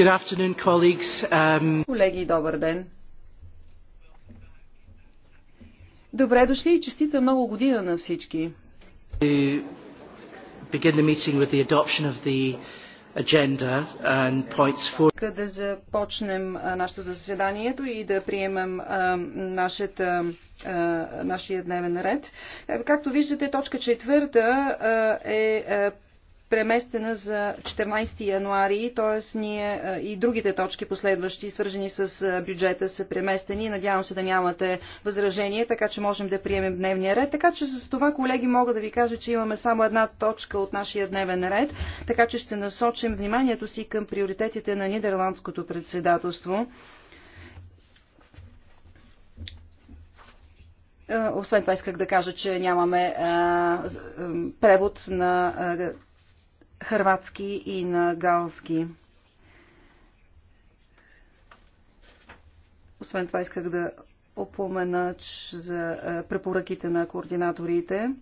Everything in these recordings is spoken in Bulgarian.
Um... Колеги, добър ден! Добре дошли и честита много година на всички. For... Да започнем нашето заседанието и да приемем а, нашата, а, нашия дневен ред. Е, както виждате, точка четвърта е преместена за 14 януари, т.е. ние е, и другите точки последващи, свържени с е, бюджета, са преместени. Надявам се да нямате възражение, така че можем да приемем дневния ред. Така че с това, колеги, мога да ви кажа, че имаме само една точка от нашия дневен ред, така че ще насочим вниманието си към приоритетите на Нидерландското председателство. Е, освен това исках да кажа, че нямаме превод на хърватски и на галски. Освен това исках да опомена за препоръките на координаторите.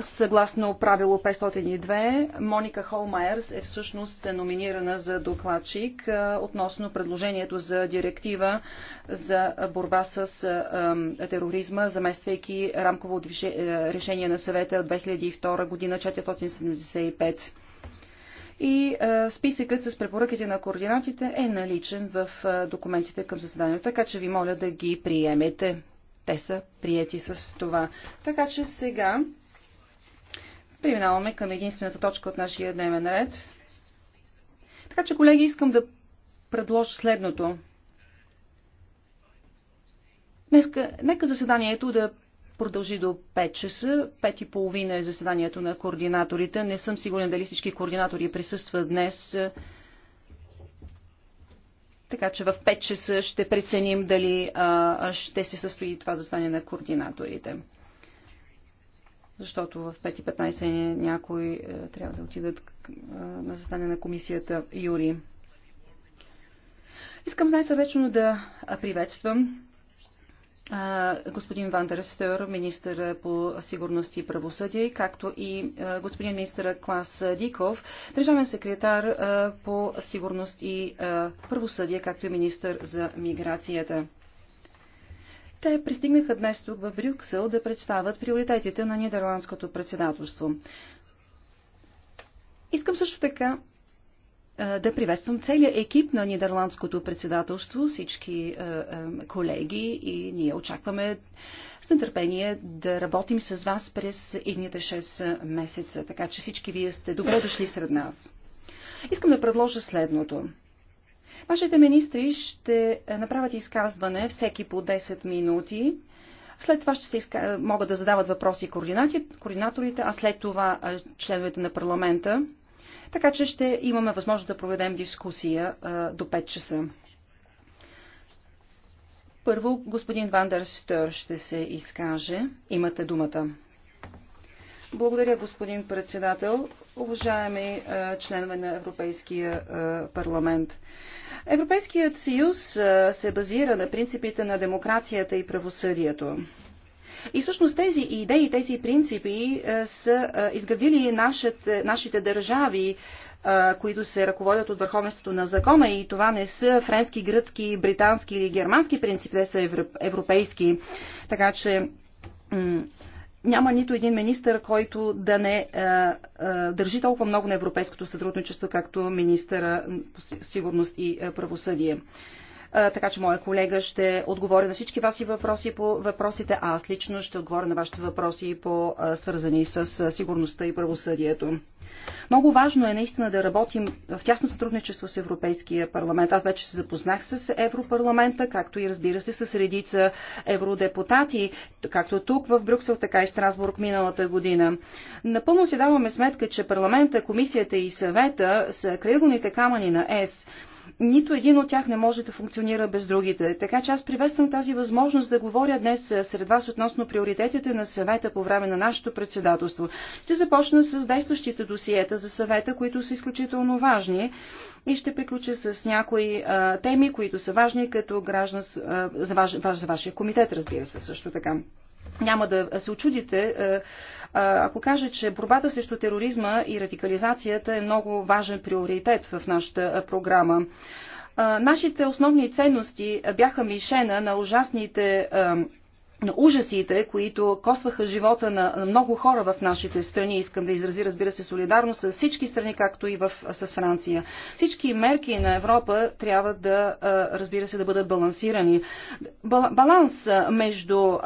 Съгласно правило 502, Моника Холмайерс е всъщност номинирана за докладчик относно предложението за директива за борба с тероризма, замествайки рамково решение на съвета от 2002 година 475. И списъкът с препоръките на координатите е наличен в документите към заседанието, така че ви моля да ги приемете. Те са приети с това. Така че сега Преминаваме към единствената точка от нашия дневен ред. Така че, колеги, искам да предложа следното. Днеска, нека заседанието да продължи до 5 часа. 5 и половина е заседанието на координаторите. Не съм сигурен дали всички координатори присъстват днес. Така че в 5 часа ще преценим дали а, ще се състои това застане на координаторите защото в 5.15 е някой е, трябва да отидат е, на застане на комисията Юри. Искам най-сърдечно да приветствам господин Ван Дерстер, министър по сигурност и правосъдие, както и господин министър Клас Диков, държавен секретар по сигурност и правосъдие, както и министър за миграцията. Те пристигнаха днес тук в Брюксел да представят приоритетите на нидерландското председателство. Искам също така да приветствам целият екип на Нидерландското председателство, всички колеги и ние очакваме с нетърпение да работим с вас през идните 6 месеца, така че всички вие сте добре дошли сред нас. Искам да предложа следното. Вашите министри ще направят изказване всеки по 10 минути. След това ще се изка... могат да задават въпроси координаторите, а след това членовете на парламента. Така че ще имаме възможност да проведем дискусия до 5 часа. Първо, господин Вандер Стър ще се изкаже. Имате думата. Благодаря, господин председател уважаеми е, членове на Европейския е, парламент. Европейският съюз е, се базира на принципите на демокрацията и правосъдието. И всъщност тези идеи, тези принципи са изградили нашите, нашите държави, които се ръководят от върховенството на закона и това не са френски, гръцки, британски или германски принципи, те са европейски. Така че няма нито един министър, който да не а, е, а, е, държи толкова много на европейското сътрудничество, както министъра по сигурност и е, правосъдие така че моя колега ще отговори на всички ваши въпроси по въпросите, а аз лично ще отговоря на вашите въпроси по свързани с сигурността и правосъдието. Много важно е наистина да работим в тясно сътрудничество с Европейския парламент. Аз вече се запознах с Европарламента, както и разбира се с редица евродепутати, както тук в Брюксел, така и в Страсбург миналата година. Напълно си даваме сметка, че парламента, комисията и съвета са крайъгълните камъни на ЕС нито един от тях не може да функционира без другите. Така че аз приветствам тази възможност да говоря днес сред вас относно приоритетите на съвета по време на нашето председателство. Ще започна с действащите досиета за съвета, които са изключително важни и ще приключа с някои а, теми, които са важни като граждан, а, за, ваш, за вашия комитет, разбира се, също така. Няма да се очудите. А, ако кажа, че борбата срещу тероризма и радикализацията е много важен приоритет в нашата програма. Нашите основни ценности бяха мишена на ужасните на ужасите, които костваха живота на много хора в нашите страни. Искам да изрази, разбира се, солидарност с всички страни, както и в, с Франция. Всички мерки на Европа трябва да, разбира се, да бъдат балансирани. Баланс между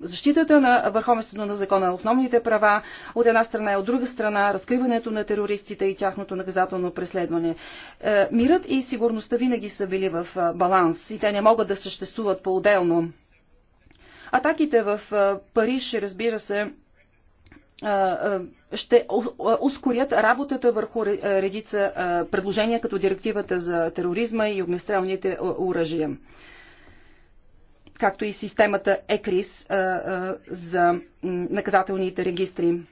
защитата на върховенството на закона, на основните права, от една страна и от друга страна, разкриването на терористите и тяхното наказателно преследване. Мирът и сигурността винаги са били в баланс и те не могат да съществуват по-отделно. Атаките в Париж, разбира се, ще ускорят работата върху редица предложения, като директивата за тероризма и огнестрелните оръжия, както и системата ЕКРИС за наказателните регистри.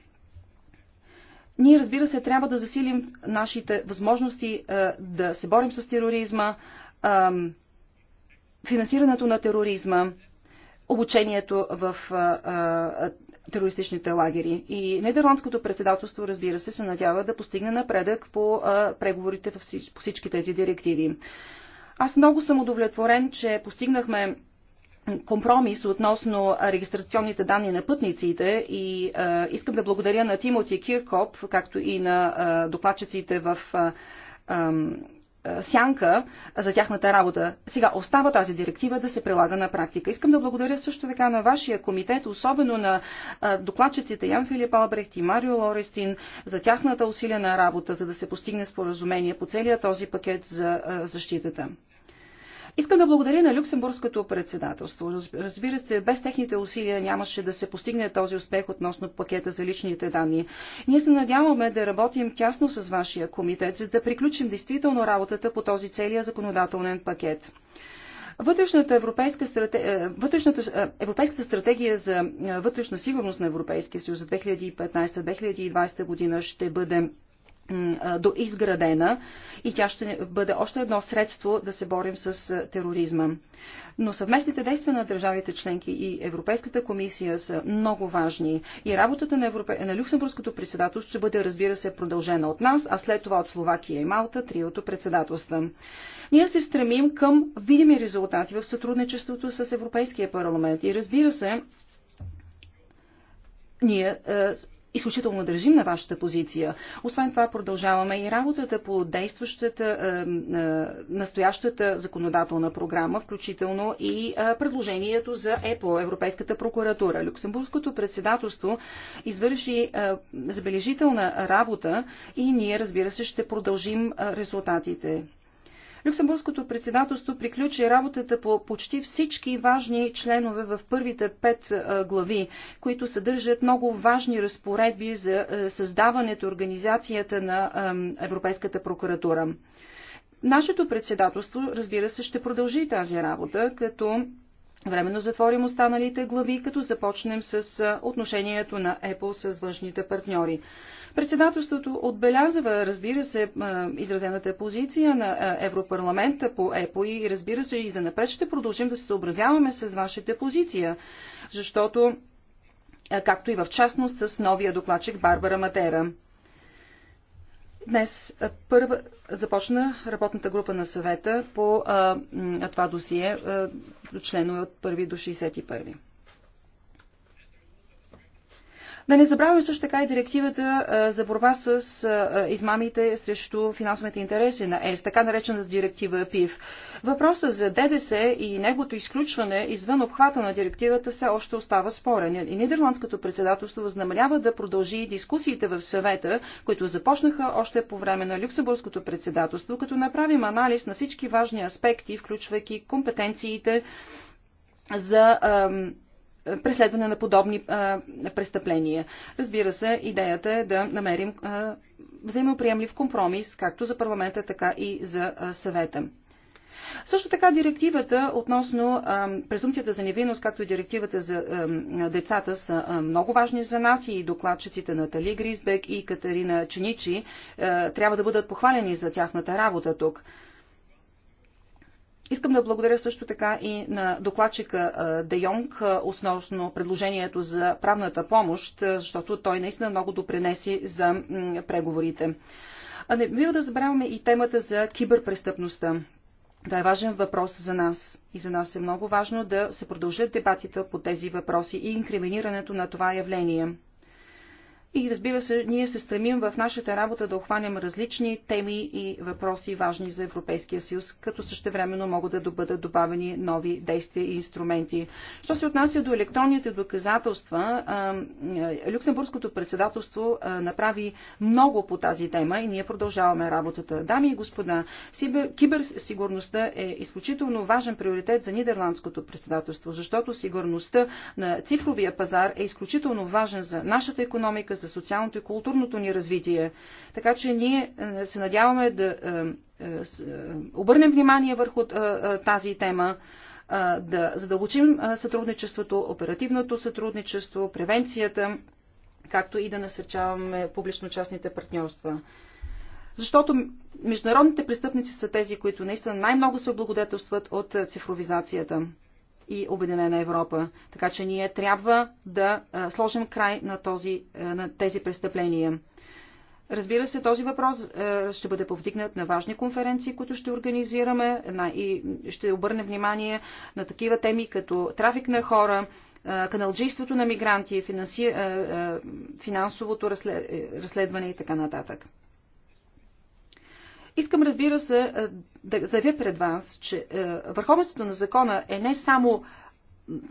Ние, разбира се, трябва да засилим нашите възможности да се борим с тероризма, финансирането на тероризма, обучението в терористичните лагери. И Нидерландското председателство, разбира се, се надява да постигне напредък по преговорите по всички тези директиви. Аз много съм удовлетворен, че постигнахме компромис относно регистрационните данни на пътниците и а, искам да благодаря на Тимоти Киркоп, както и на а, докладчиците в а, е, сянка за тяхната работа. Сега остава тази директива да се прилага на практика. Искам да благодаря също така на вашия комитет, особено на е, докладчиците Ян Филип Албрехт и Марио Лорестин за тяхната усилена работа, за да се постигне споразумение по целия този пакет за е, защитата. Искам да благодаря на Люксембургското председателство. Разбира се, без техните усилия нямаше да се постигне този успех относно пакета за личните данни. Ние се надяваме да работим тясно с вашия комитет, за да приключим действително работата по този целия законодателен пакет. Вътрешната европейска, стратег... Е, вътрешната, е, европейската стратегия за е, вътрешна сигурност на Европейския съюз за 2015-2020 година ще бъде доизградена и тя ще бъде още едно средство да се борим с тероризма. Но съвместните действия на държавите членки и Европейската комисия са много важни. И работата на, Европе... на Люксембургското председателство ще бъде, разбира се, продължена от нас, а след това от Словакия и Малта, триото председателства. Ние се стремим към видими резултати в сътрудничеството с Европейския парламент. И разбира се, ние е, изключително държим на вашата позиция. Освен това продължаваме и работата по действащата е, е, настоящата законодателна програма, включително и е, предложението за ЕПО, Европейската прокуратура. Люксембургското председателство извърши забележителна работа и ние, разбира се, ще продължим резултатите. Люксембургското председателство приключи работата по почти всички важни членове в първите пет глави, които съдържат много важни разпоредби за създаването и организацията на Европейската прокуратура. Нашето председателство, разбира се, ще продължи тази работа, като Временно затворим останалите глави, като започнем с отношението на Apple с външните партньори. Председателството отбелязва, разбира се, изразената позиция на Европарламента по ЕПО и разбира се и за напред ще продължим да се съобразяваме с вашите позиция, защото както и в частност с новия докладчик Барбара Матера. Днес първа започна работната група на съвета по а, това досие, а, членове от 1 до 61. Да не забравяме също така и директивата за борба с измамите срещу финансовите интереси на ЕС, така наречена директива ПИВ. Въпросът за ДДС и неговото изключване извън обхвата на директивата все още остава спорен. И Нидерландското председателство възнамерява да продължи дискусиите в съвета, които започнаха още по време на Люксембургското председателство, като направим анализ на всички важни аспекти, включвайки компетенциите за е, преследване на подобни а, е, престъпления. Разбира се, идеята е да намерим а, е, взаимоприемлив компромис, както за парламента, така и за а, съвета. Също така директивата относно презумцията за невинност, както и директивата за а, децата са а, много важни за нас и докладчиците Натали Гризбек и Катерина Ченичи а, трябва да бъдат похвалени за тяхната работа тук. Искам да благодаря също така и на докладчика Де Йонг, основно предложението за правната помощ, защото той наистина много допренеси за преговорите. А не бива да забравяме и темата за киберпрестъпността. Това е важен въпрос за нас. И за нас е много важно да се продължат дебатите по тези въпроси и инкриминирането на това явление. И разбира се, ние се стремим в нашата работа да охванем различни теми и въпроси, важни за Европейския съюз, като същевременно могат да бъдат добавени нови действия и инструменти. Що се отнася до електронните доказателства, Люксембургското председателство направи много по тази тема и ние продължаваме работата. Дами и господа, киберсигурността е изключително важен приоритет за Нидерландското председателство, защото сигурността на цифровия пазар е изключително важен за нашата економика, за социалното и културното ни развитие. Така че ние е, се надяваме да е, е, обърнем внимание върху тази тема, да задълбочим сътрудничеството, оперативното сътрудничество, превенцията, както и да насърчаваме публично-частните партньорства. Защото международните престъпници са тези, които наистина най-много се облагодетелстват от цифровизацията и Обединена Европа. Така че ние трябва да сложим край на, този, на тези престъпления. Разбира се, този въпрос ще бъде повдигнат на важни конференции, които ще организираме и ще обърнем внимание на такива теми като трафик на хора, каналджийството на мигранти, финансовото разследване и така нататък. Искам, разбира се, е, да заявя пред вас, че е, върховенството на закона е не само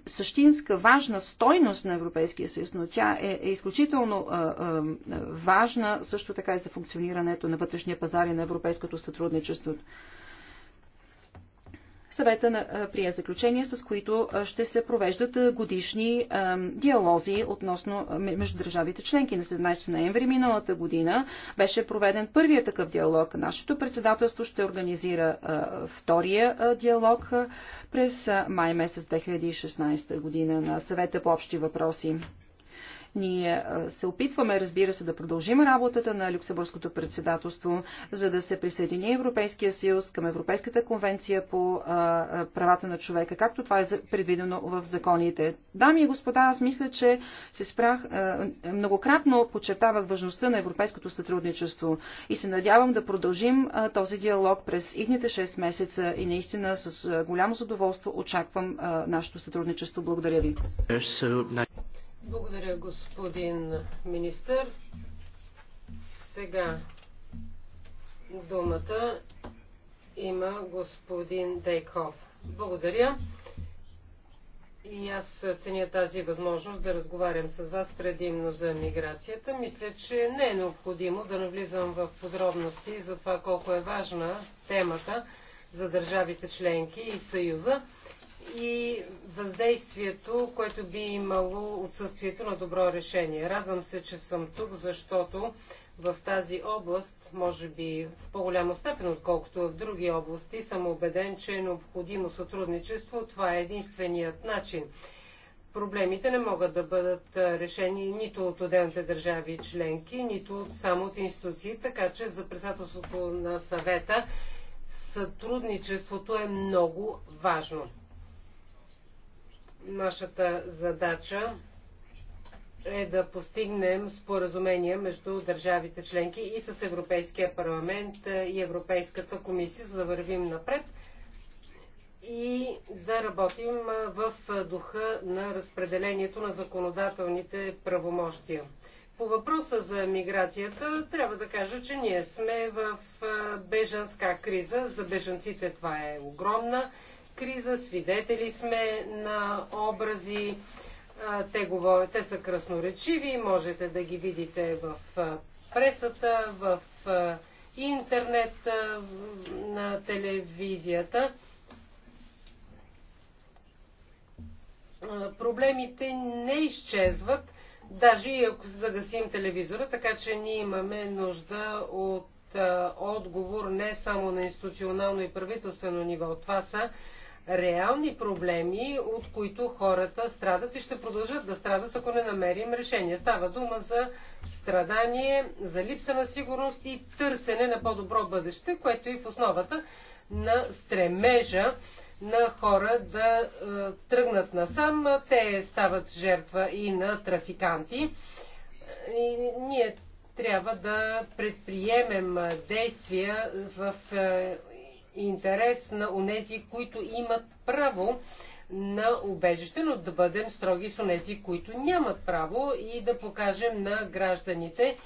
същинска важна стойност на Европейския съюз, но тя е, е изключително е, е, важна също така и за функционирането на вътрешния пазар и на европейското сътрудничество. Съвета на, прие заключения, с които ще се провеждат годишни диалози относно между държавите членки. На 17 ноември миналата година беше проведен първият такъв диалог. Нашето председателство ще организира втория диалог през май месец 2016 година на съвета по общи въпроси. Ние е, се опитваме, разбира се, да продължим работата на Люксембургското председателство, за да се присъедини Европейския съюз към Европейската конвенция по е, е, правата на човека, както това е предвидено в законите. Дами и господа, аз мисля, че се спрях, многократно подчертавах важността на европейското сътрудничество и се надявам да продължим този диалог през идните 6 месеца и наистина с голямо задоволство очаквам нашето сътрудничество. Благодаря ви. Благодаря, господин министър. Сега думата има господин Дейков. Благодаря. И аз ценя тази възможност да разговарям с вас предимно за миграцията. Мисля, че не е необходимо да навлизам в подробности за това колко е важна темата за държавите членки и Съюза и въздействието, което би имало отсъствието на добро решение. Радвам се, че съм тук, защото в тази област, може би в по-голяма степен, отколкото в други области, съм убеден, че е необходимо сътрудничество. Това е единственият начин. Проблемите не могат да бъдат решени нито от отделните държави и членки, нито от само от институции, така че за председателството на съвета сътрудничеството е много важно. Нашата задача е да постигнем споразумение между държавите членки и с Европейския парламент е, и Европейската комисия, за да вървим напред и да работим е, в духа на разпределението на законодателните правомощия. По въпроса за миграцията, трябва да кажа, че ние сме в е, бежанска криза. За бежанците това е огромна криза, свидетели сме на образи, те, говор... те са красноречиви, можете да ги видите в пресата, в интернет, на телевизията. Проблемите не изчезват, даже и ако загасим телевизора, така че ние имаме нужда от отговор не само на институционално и правителствено ниво. Това са реални проблеми, от които хората страдат и ще продължат да страдат, ако не намерим решение. Става дума за страдание, за липса на сигурност и търсене на по-добро бъдеще, което е в основата на стремежа на хора да е, тръгнат насам. Те стават жертва и на трафиканти. И ние трябва да предприемем действия в е, интерес на онези, които имат право на убежище, но да бъдем строги с онези, които нямат право и да покажем на гражданите,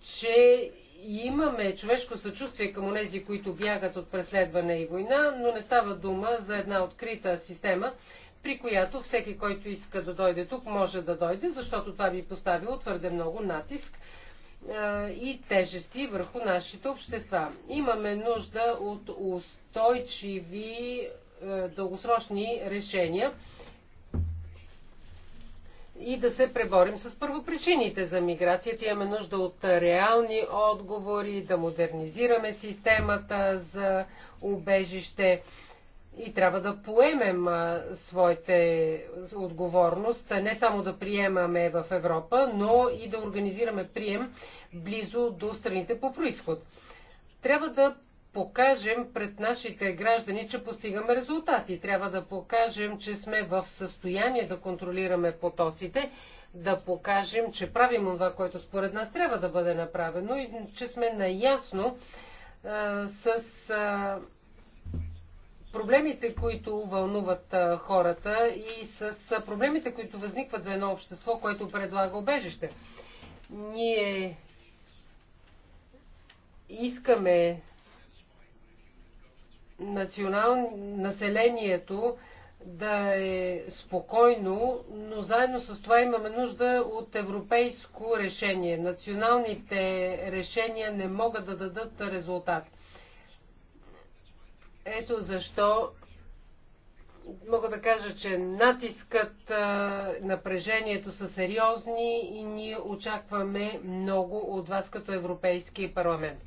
че имаме човешко съчувствие към онези, които бягат от преследване и война, но не става дума за една открита система, при която всеки, който иска да дойде тук, може да дойде, защото това би поставило твърде много натиск и тежести върху нашите общества. Имаме нужда от устойчиви дългосрочни решения и да се преборим с първопричините за миграцията. Имаме нужда от реални отговори, да модернизираме системата за убежище, и трябва да поемем своите отговорност, не само да приемаме в Европа, но и да организираме прием близо до страните по происход. Трябва да покажем пред нашите граждани, че постигаме резултати. Трябва да покажем, че сме в състояние да контролираме потоците, да покажем, че правим това, което според нас трябва да бъде направено и че сме наясно а, с. А, проблемите, които вълнуват хората и с проблемите, които възникват за едно общество, което предлага обежище. Ние искаме национал... населението да е спокойно, но заедно с това имаме нужда от европейско решение. Националните решения не могат да дадат резултат. Ето защо мога да кажа, че натискът, напрежението са сериозни и ние очакваме много от вас като Европейски парламент.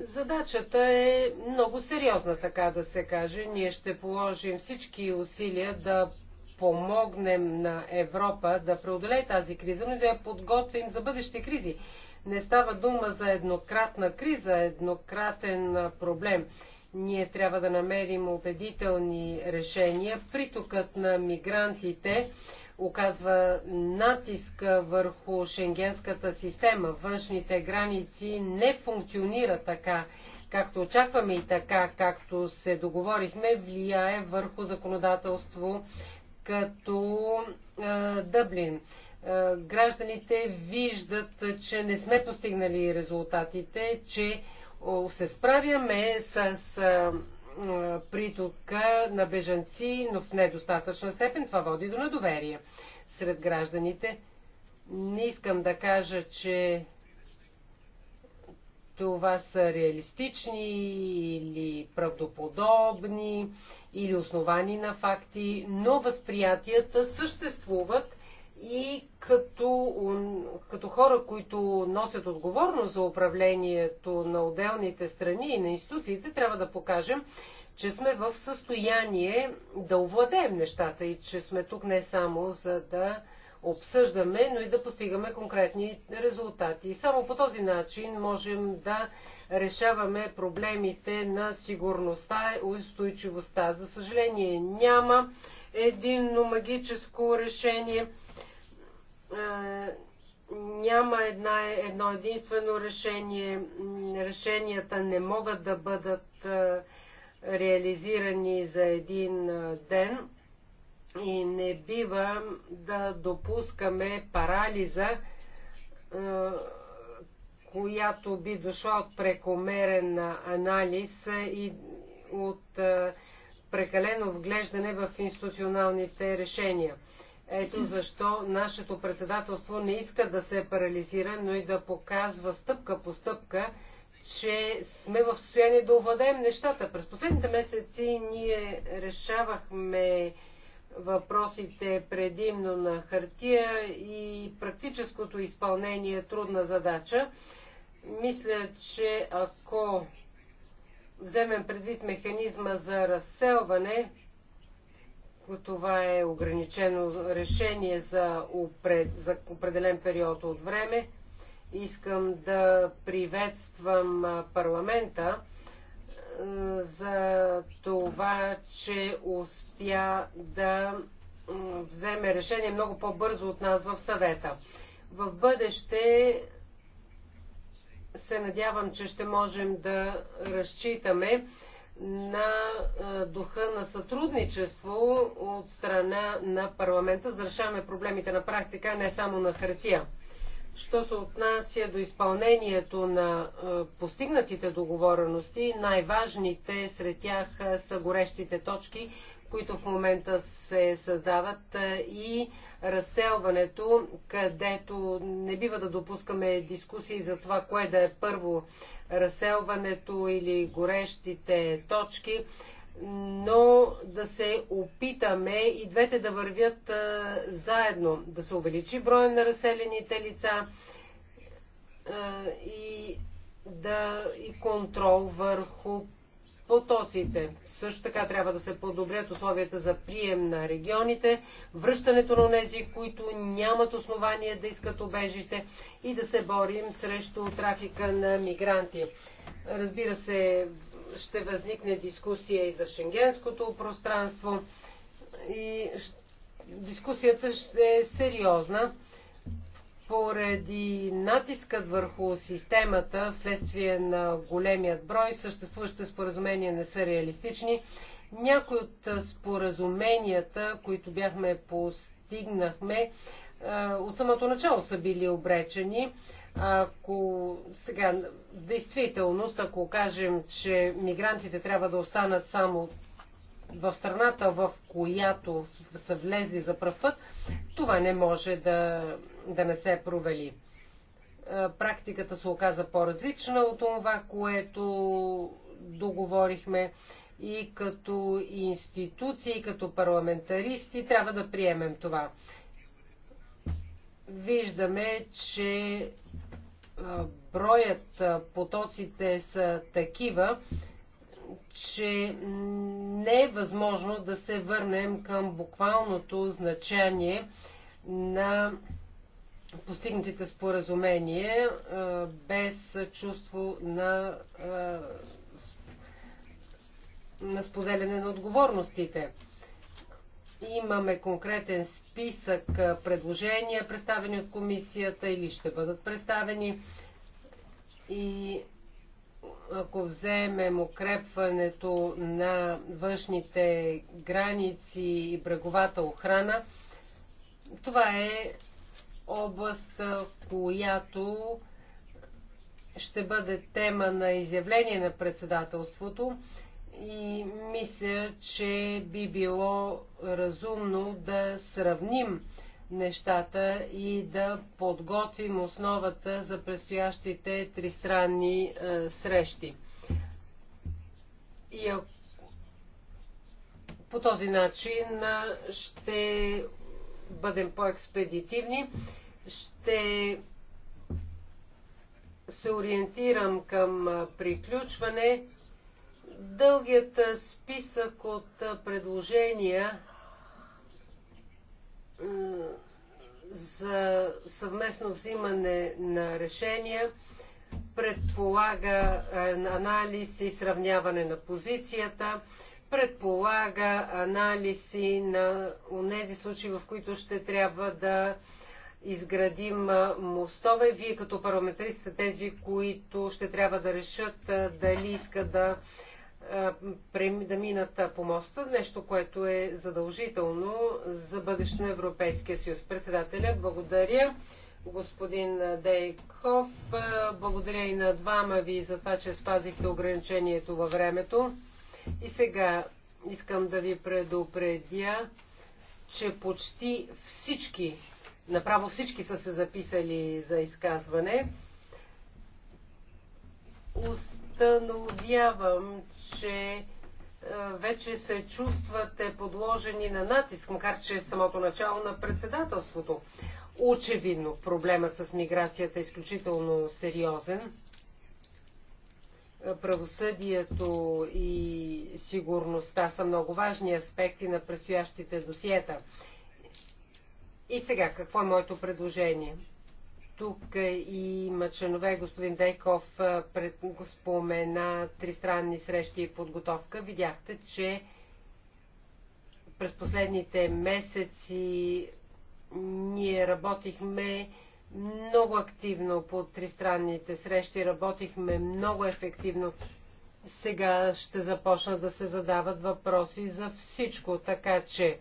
Задачата е много сериозна, така да се каже. Ние ще положим всички усилия да помогнем на Европа да преодолее тази криза, но и да я подготвим за бъдещи кризи. Не става дума за еднократна криза, еднократен проблем. Ние трябва да намерим убедителни решения. Притокът на мигрантите оказва натиск върху шенгенската система. Външните граници не функционират така, както очакваме и така, както се договорихме, влияе върху законодателство като е, Дъблин. Е, гражданите виждат, че не сме постигнали резултатите, че се справяме с е, притока на бежанци, но в недостатъчна степен това води до недоверие сред гражданите. Не искам да кажа, че това са реалистични или правдоподобни или основани на факти, но възприятията съществуват и като, като хора, които носят отговорност за управлението на отделните страни и на институциите, трябва да покажем, че сме в състояние да овладеем нещата и че сме тук не само за да обсъждаме, но и да постигаме конкретни резултати. И само по този начин можем да решаваме проблемите на сигурността и устойчивостта. За съжаление няма единно магическо решение – е, няма една, едно единствено решение. Решенията не могат да бъдат е, реализирани за един е, ден и не бива да допускаме парализа, която би дошла от прекомерен анализ и от прекалено вглеждане в институционалните решения. Ето защо нашето председателство не иска да се парализира, но и да показва стъпка по стъпка, че сме в състояние да овладеем нещата. През последните месеци ние решавахме въпросите предимно на хартия и практическото изпълнение е трудна задача. Мисля, че ако вземем предвид механизма за разселване, това е ограничено решение за, определен период от време. Искам да приветствам парламента за това, че успя да вземе решение много по-бързо от нас в съвета. В бъдеще се надявам, че ще можем да разчитаме на духа на сътрудничество от страна на парламента, за да решаваме проблемите на практика, не само на хартия. Що се отнася до изпълнението на постигнатите договорености, най-важните сред тях са горещите точки – които в момента се създават е, и разселването, където не бива да допускаме дискусии за това, кое да е първо разселването или горещите точки, но да се опитаме и двете да вървят е, заедно, да се увеличи броя на разселените лица е, и да и контрол върху потоците. Също така трябва да се подобрят условията за прием на регионите, връщането на тези, които нямат основание да искат обежище и да се борим срещу трафика на мигранти. Разбира се, ще възникне дискусия и за шенгенското пространство и дискусията ще е сериозна. Поради натискът върху системата, вследствие на големият брой, съществуващите споразумения не са реалистични. Някои от споразуменията, които бяхме постигнахме, от самото начало са били обречени. Ако сега, действителност, ако кажем, че мигрантите трябва да останат само в страната, в която са влезли за пръв път, това не може да, да не се провали. Практиката се оказа по-различна от това, което договорихме и като институции, и като парламентаристи трябва да приемем това. Виждаме, че броят потоците са такива, че не е възможно да се върнем към буквалното значение на постигнатите споразумения без чувство на, на споделяне на отговорностите. Имаме конкретен списък предложения, представени от комисията или ще бъдат представени. И ако вземем укрепването на външните граници и бреговата охрана, това е област, която ще бъде тема на изявление на председателството и мисля, че би било разумно да сравним нещата и да подготвим основата за предстоящите тристранни е, срещи. И по този начин ще бъдем по-експедитивни, ще се ориентирам към приключване. Дългият списък от предложения за съвместно взимане на решения предполага е, анализ и сравняване на позицията, предполага анализи на тези случаи, в които ще трябва да изградим е, мостове. Вие като парламентаристите тези, които ще трябва да решат е, дали иска да е, да минат по моста, нещо, което е задължително за бъдещето на Европейския съюз. Председателя, благодаря. Господин Дейков, е, благодаря и на двама ви за това, че спазихте ограничението във времето. И сега искам да ви предупредя, че почти всички, направо всички са се записали за изказване установявам, че е, вече се чувствате подложени на натиск, макар че е самото начало на председателството. Очевидно, проблемът с миграцията е изключително сериозен. Е, правосъдието и сигурността са много важни аспекти на предстоящите досиета. И сега, какво е моето предложение? Тук има членове, господин Дейков пред, го спомена тристранни срещи и подготовка. Видяхте, че през последните месеци ние работихме много активно по тристранните срещи, работихме много ефективно. Сега ще започна да се задават въпроси за всичко, така че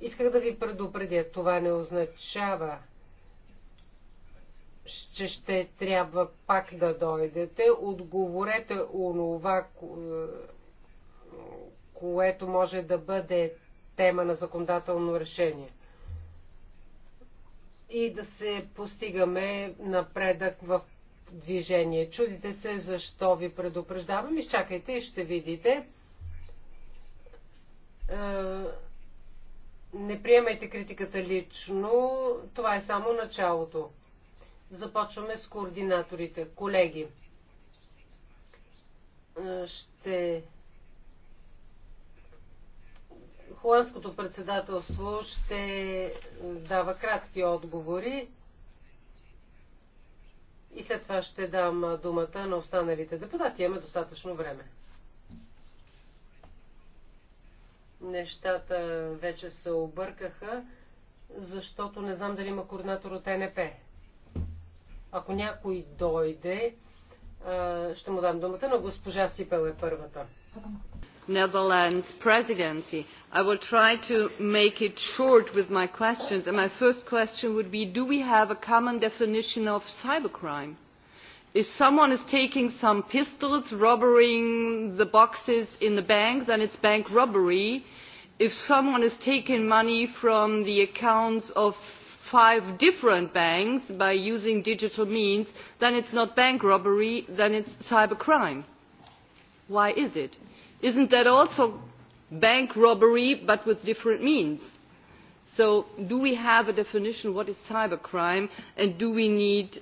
исках да ви предупредя. Това не означава, че ще трябва пак да дойдете. Отговорете онова, е, което може да бъде тема на законодателно решение. И да се постигаме напредък в движение. Чудите се защо ви предупреждавам. Изчакайте и ще видите. Е, не приемайте критиката лично. Това е само началото. Започваме с координаторите. Колеги, ще... Холандското председателство ще дава кратки отговори и след това ще дам думата на останалите депутати. Имаме достатъчно време. Нещата вече се объркаха, защото не знам дали има координатор от НП. Ако някой дойде, ще му дам думата, но госпожа Сипел е първата. Netherlands presidency. I will try to make it short with my questions. And my first question would be, do we have a common definition of cybercrime? If someone is taking some pistols, robbing the boxes in the bank, then it's bank robbery. If someone is taking money from the accounts of five different banks by using digital means, then it is not bank robbery, then it is cybercrime. Why is it? Isn't that also bank robbery but with different means? So do we have a definition of what is cybercrime and do we need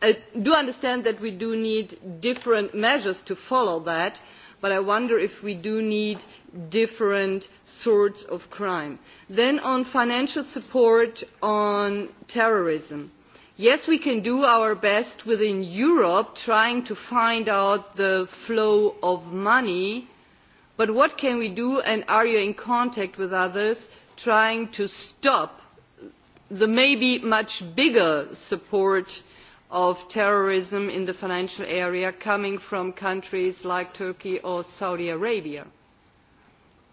I do understand that we do need different measures to follow that, but i wonder if we do need different sorts of crime. then on financial support on terrorism yes we can do our best within europe trying to find out the flow of money but what can we do and are you in contact with others trying to stop the maybe much bigger support of terrorism in the financial area coming from countries like turkey or saudi arabia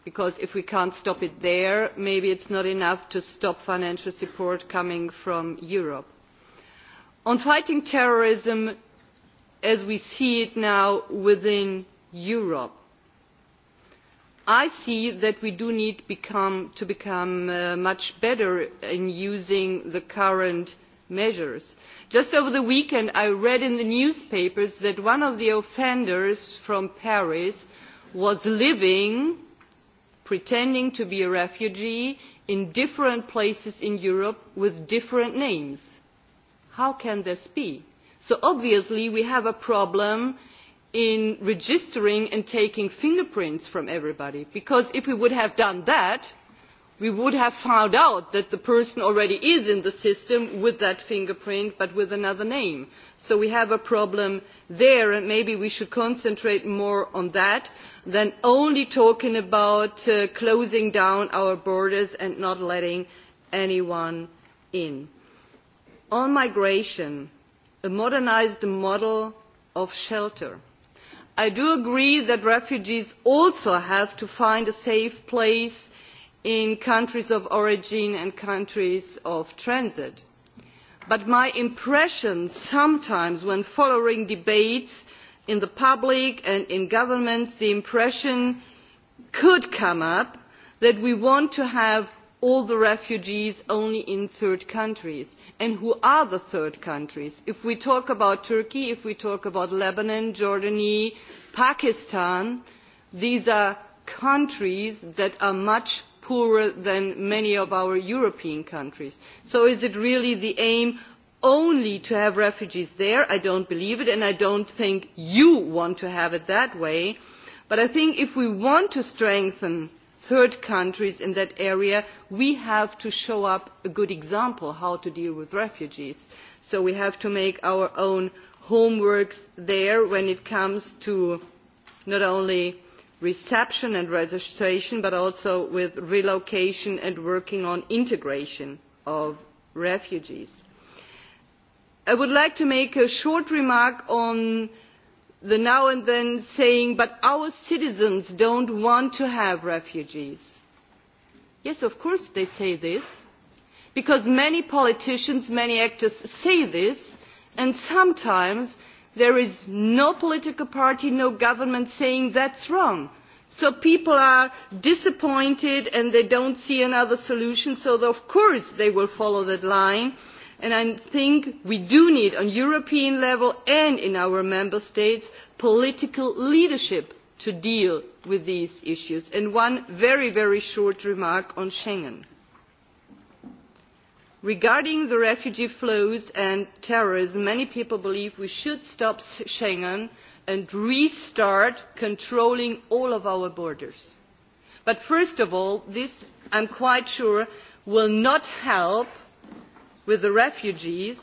because if we cannot stop it there maybe it is not enough to stop financial support coming from europe. on fighting terrorism as we see it now within europe i see that we do need to become much better in using the current measures. Just over the weekend, I read in the newspapers that one of the offenders from Paris was living, pretending to be a refugee, in different places in Europe with different names. How can this be? So obviously we have a problem in registering and taking fingerprints from everybody, because if we would have done that, we would have found out that the person already is in the system with that fingerprint but with another name. So we have a problem there and maybe we should concentrate more on that than only talking about uh, closing down our borders and not letting anyone in. On migration, a modernised model of shelter. I do agree that refugees also have to find a safe place – in countries of origin and countries of transit. But my impression sometimes when following debates in the public and in governments, the impression could come up that we want to have all the refugees only in third countries. And who are the third countries? If we talk about Turkey, if we talk about Lebanon, Jordan, Pakistan, these are countries that are much poorer than many of our European countries. So is it really the aim only to have refugees there? I don't believe it, and I don't think you want to have it that way. But I think if we want to strengthen third countries in that area, we have to show up a good example of how to deal with refugees. So we have to make our own homeworks there when it comes to not only reception and registration but also with relocation and working on integration of refugees. I would like to make a short remark on the now and then saying, but our citizens don't want to have refugees. Yes, of course they say this, because many politicians, many actors say this, and sometimes there is no political party no government saying that is wrong so people are disappointed and they do not see another solution so of course they will follow that line and i think we do need at european level and in our member states political leadership to deal with these issues. one very short remark on schengen regarding the refugee flows and terrorism many people believe we should stop schengen and restart controlling all of our borders but first of all this i am quite sure will not help with the refugees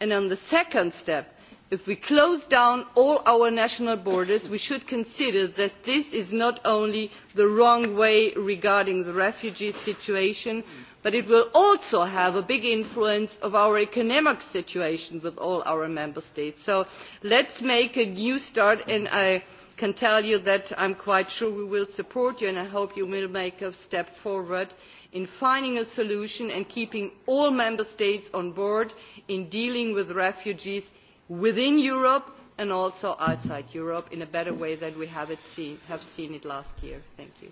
and in the second step if we close down all our national borders we should consider that this is not only the wrong way regarding the refugee situation but but it will also have a big influence on our economic situation with all our member states. so let us make a new start and i can tell you that i am quite sure we will support you and i hope you will make a step forward in finding a solution and keeping all member states on board in dealing with refugees within europe and also outside europe in a better way than we have seen it last year. thank you.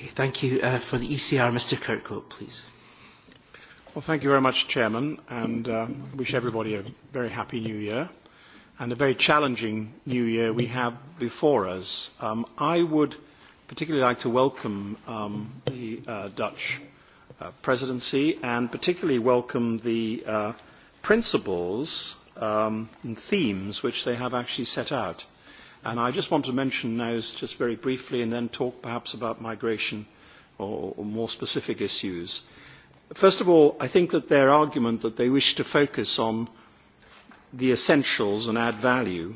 Okay, thank you. Uh, for the ECR, Mr Kirkhope, please. Well, thank you very much, Chairman, and uh, wish everybody a very happy new year and a very challenging new year we have before us. Um, I would particularly like to welcome um, the uh, Dutch uh, presidency and particularly welcome the uh, principles um, and themes which they have actually set out And I just want to mention those just very briefly, and then talk perhaps about migration or, or more specific issues. First of all, I think that their argument that they wish to focus on the essentials and add value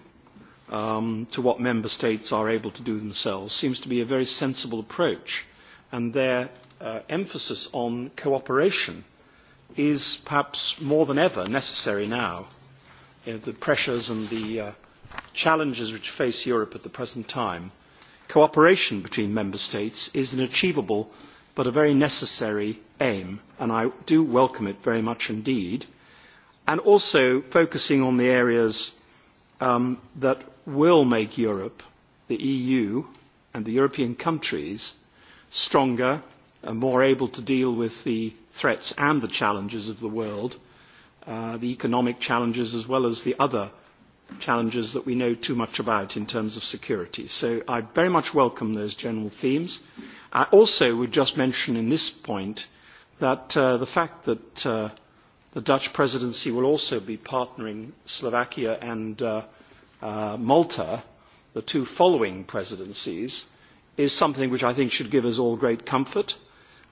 um, to what member states are able to do themselves seems to be a very sensible approach. And their uh, emphasis on cooperation is perhaps more than ever necessary now. You know, the pressures and the uh, challenges which face Europe at the present time, cooperation between member states is an achievable but a very necessary aim, and I do welcome it very much indeed, and also focusing on the areas that will make Europe, the EU, and the European countries stronger and more able to deal with the threats and the challenges of the world, the economic challenges as well as the other challenges that we know too much about in terms of security. So I very much welcome those general themes. I also would just mention in this point that uh, the fact that uh, the Dutch presidency will also be partnering Slovakia and uh, uh, Malta, the two following presidencies, is something which I think should give us all great comfort.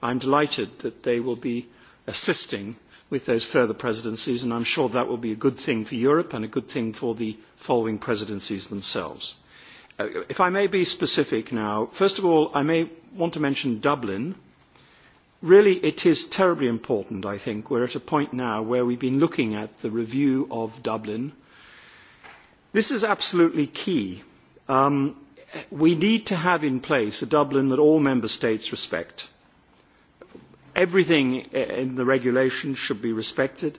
I'm delighted that they will be assisting with those further presidencies, and I'm sure that will be a good thing for Europe and a good thing for the following presidencies themselves. if I may be specific now, first of all, I may want to mention Dublin. Really, it is terribly important, I think. We're at a point now where we've been looking at the review of Dublin. This is absolutely key. we need to have in place a Dublin that all member states respect everything in the regulation should be respected.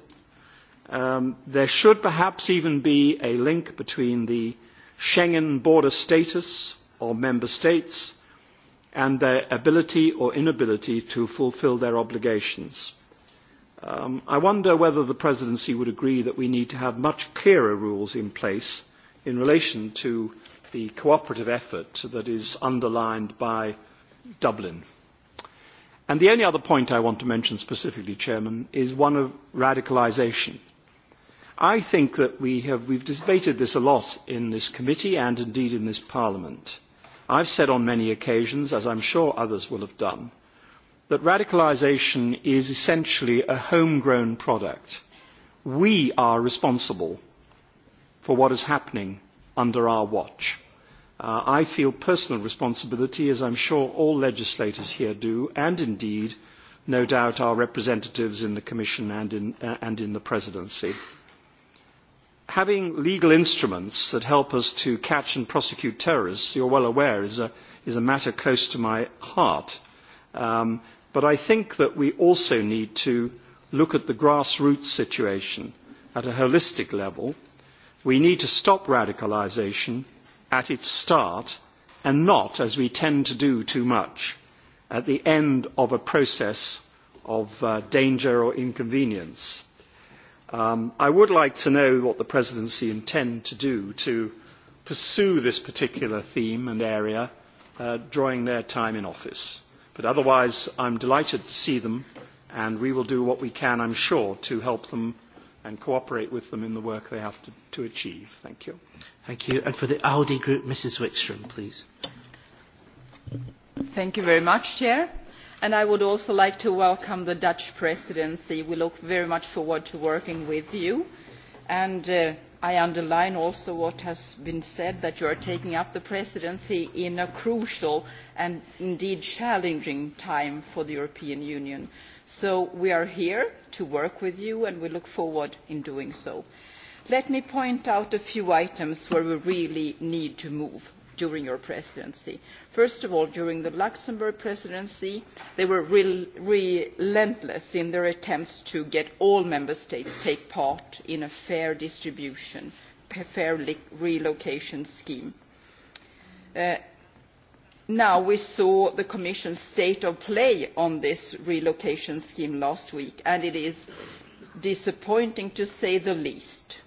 there should perhaps even be a link between the Schengen border status of member states and their ability or inability to fulfil their obligations. I wonder whether the presidency would agree that we need to have much clearer rules in place in relation to the cooperative effort that is underlined by Dublin the only other point I want to mention specifically, Chairman, is one of radicalisation. I think that we have debated this a lot in this committee and indeed in this Parliament. I have said on many occasions, as I am sure others will have done, that radicalisation is essentially a home grown product. We are responsible for what is happening under our watch. Uh, I feel personal responsibility, as I'm sure all legislators here do, and indeed, no doubt, our representatives in the Commission and in, uh, and in the Presidency. Having legal instruments that help us to catch and prosecute terrorists, you're well aware, is a, is a matter close to my heart. Um, but I think that we also need to look at the grassroots situation at a holistic level. We need to stop radicalisation at its start and not, as we tend to do too much, at the end of a process of uh, danger or inconvenience. Um, I would like to know what the presidency intend to do to pursue this particular theme and area uh, during their time in office. But otherwise, I'm delighted to see them, and we will do what we can, I'm sure, to help them and cooperate with them in the work they have to, to achieve. Thank you. Thank you. And for the ALDE group, Mrs Wickstrom, please. Thank you very much, Chair. And I would also like to welcome the Dutch presidency. We look very much forward to working with you. And uh, I underline also what has been said, that you are taking up the presidency in a crucial and indeed challenging time for the European Union so we are here to work with you and we look forward to doing so. let me point out a few items where we really need to move during your presidency. first of all during the luxembourg presidency they were relentless in their attempts to get all member states to take part in a fair distribution fair relocation scheme now we saw the commission's state of play on this relocation scheme last week and it is disappointing to say the least.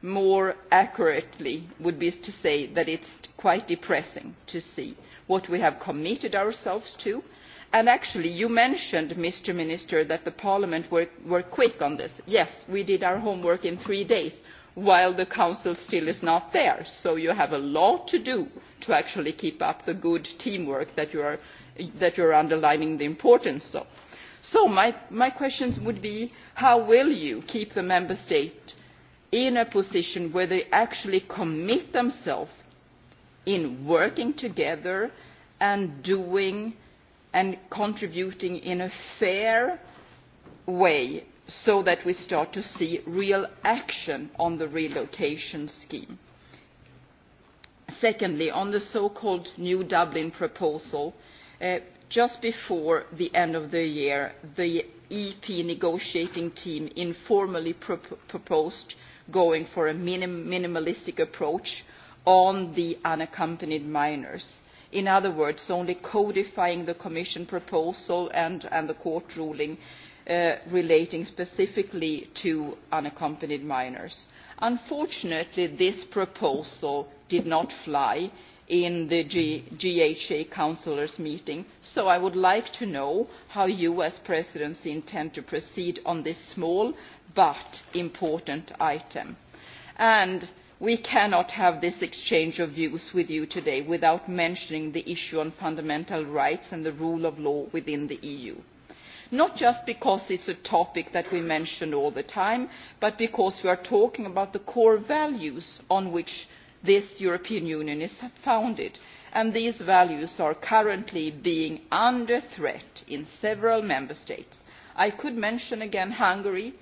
more accurately would be to say that it is quite depressing to see what we have committed ourselves to and actually you mentioned mr minister that parliament were quick on this. yes we did our homework in three days while the council still is not there so you have a lot to do to actually keep up the good teamwork that you are underlining the importance of. so my questions would be how will you keep the member states in a position where they actually commit themselves to working together and doing and contributing in a fair way so that we start to see real action on the relocation scheme. secondly on the so called new dublin proposal just before the end of the year the ep negotiating team informally proposed going for a minimalistic approach on the unaccompanied minors in other words only codifying the commission proposal and the court ruling relating specifically to unaccompanied minors. Unfortunately, this proposal did not fly in the GHA councillors meeting, so I would like to know how you as presidency intend to proceed on this small but important item. we cannot have this exchange of views with you today without mentioning the issue of fundamental rights and the rule of law within the EU not just because it is a topic that we mention all the time but because we are talking about the core values on which this european union is founded and these values are currently being under threat in several member states. i could mention again hungary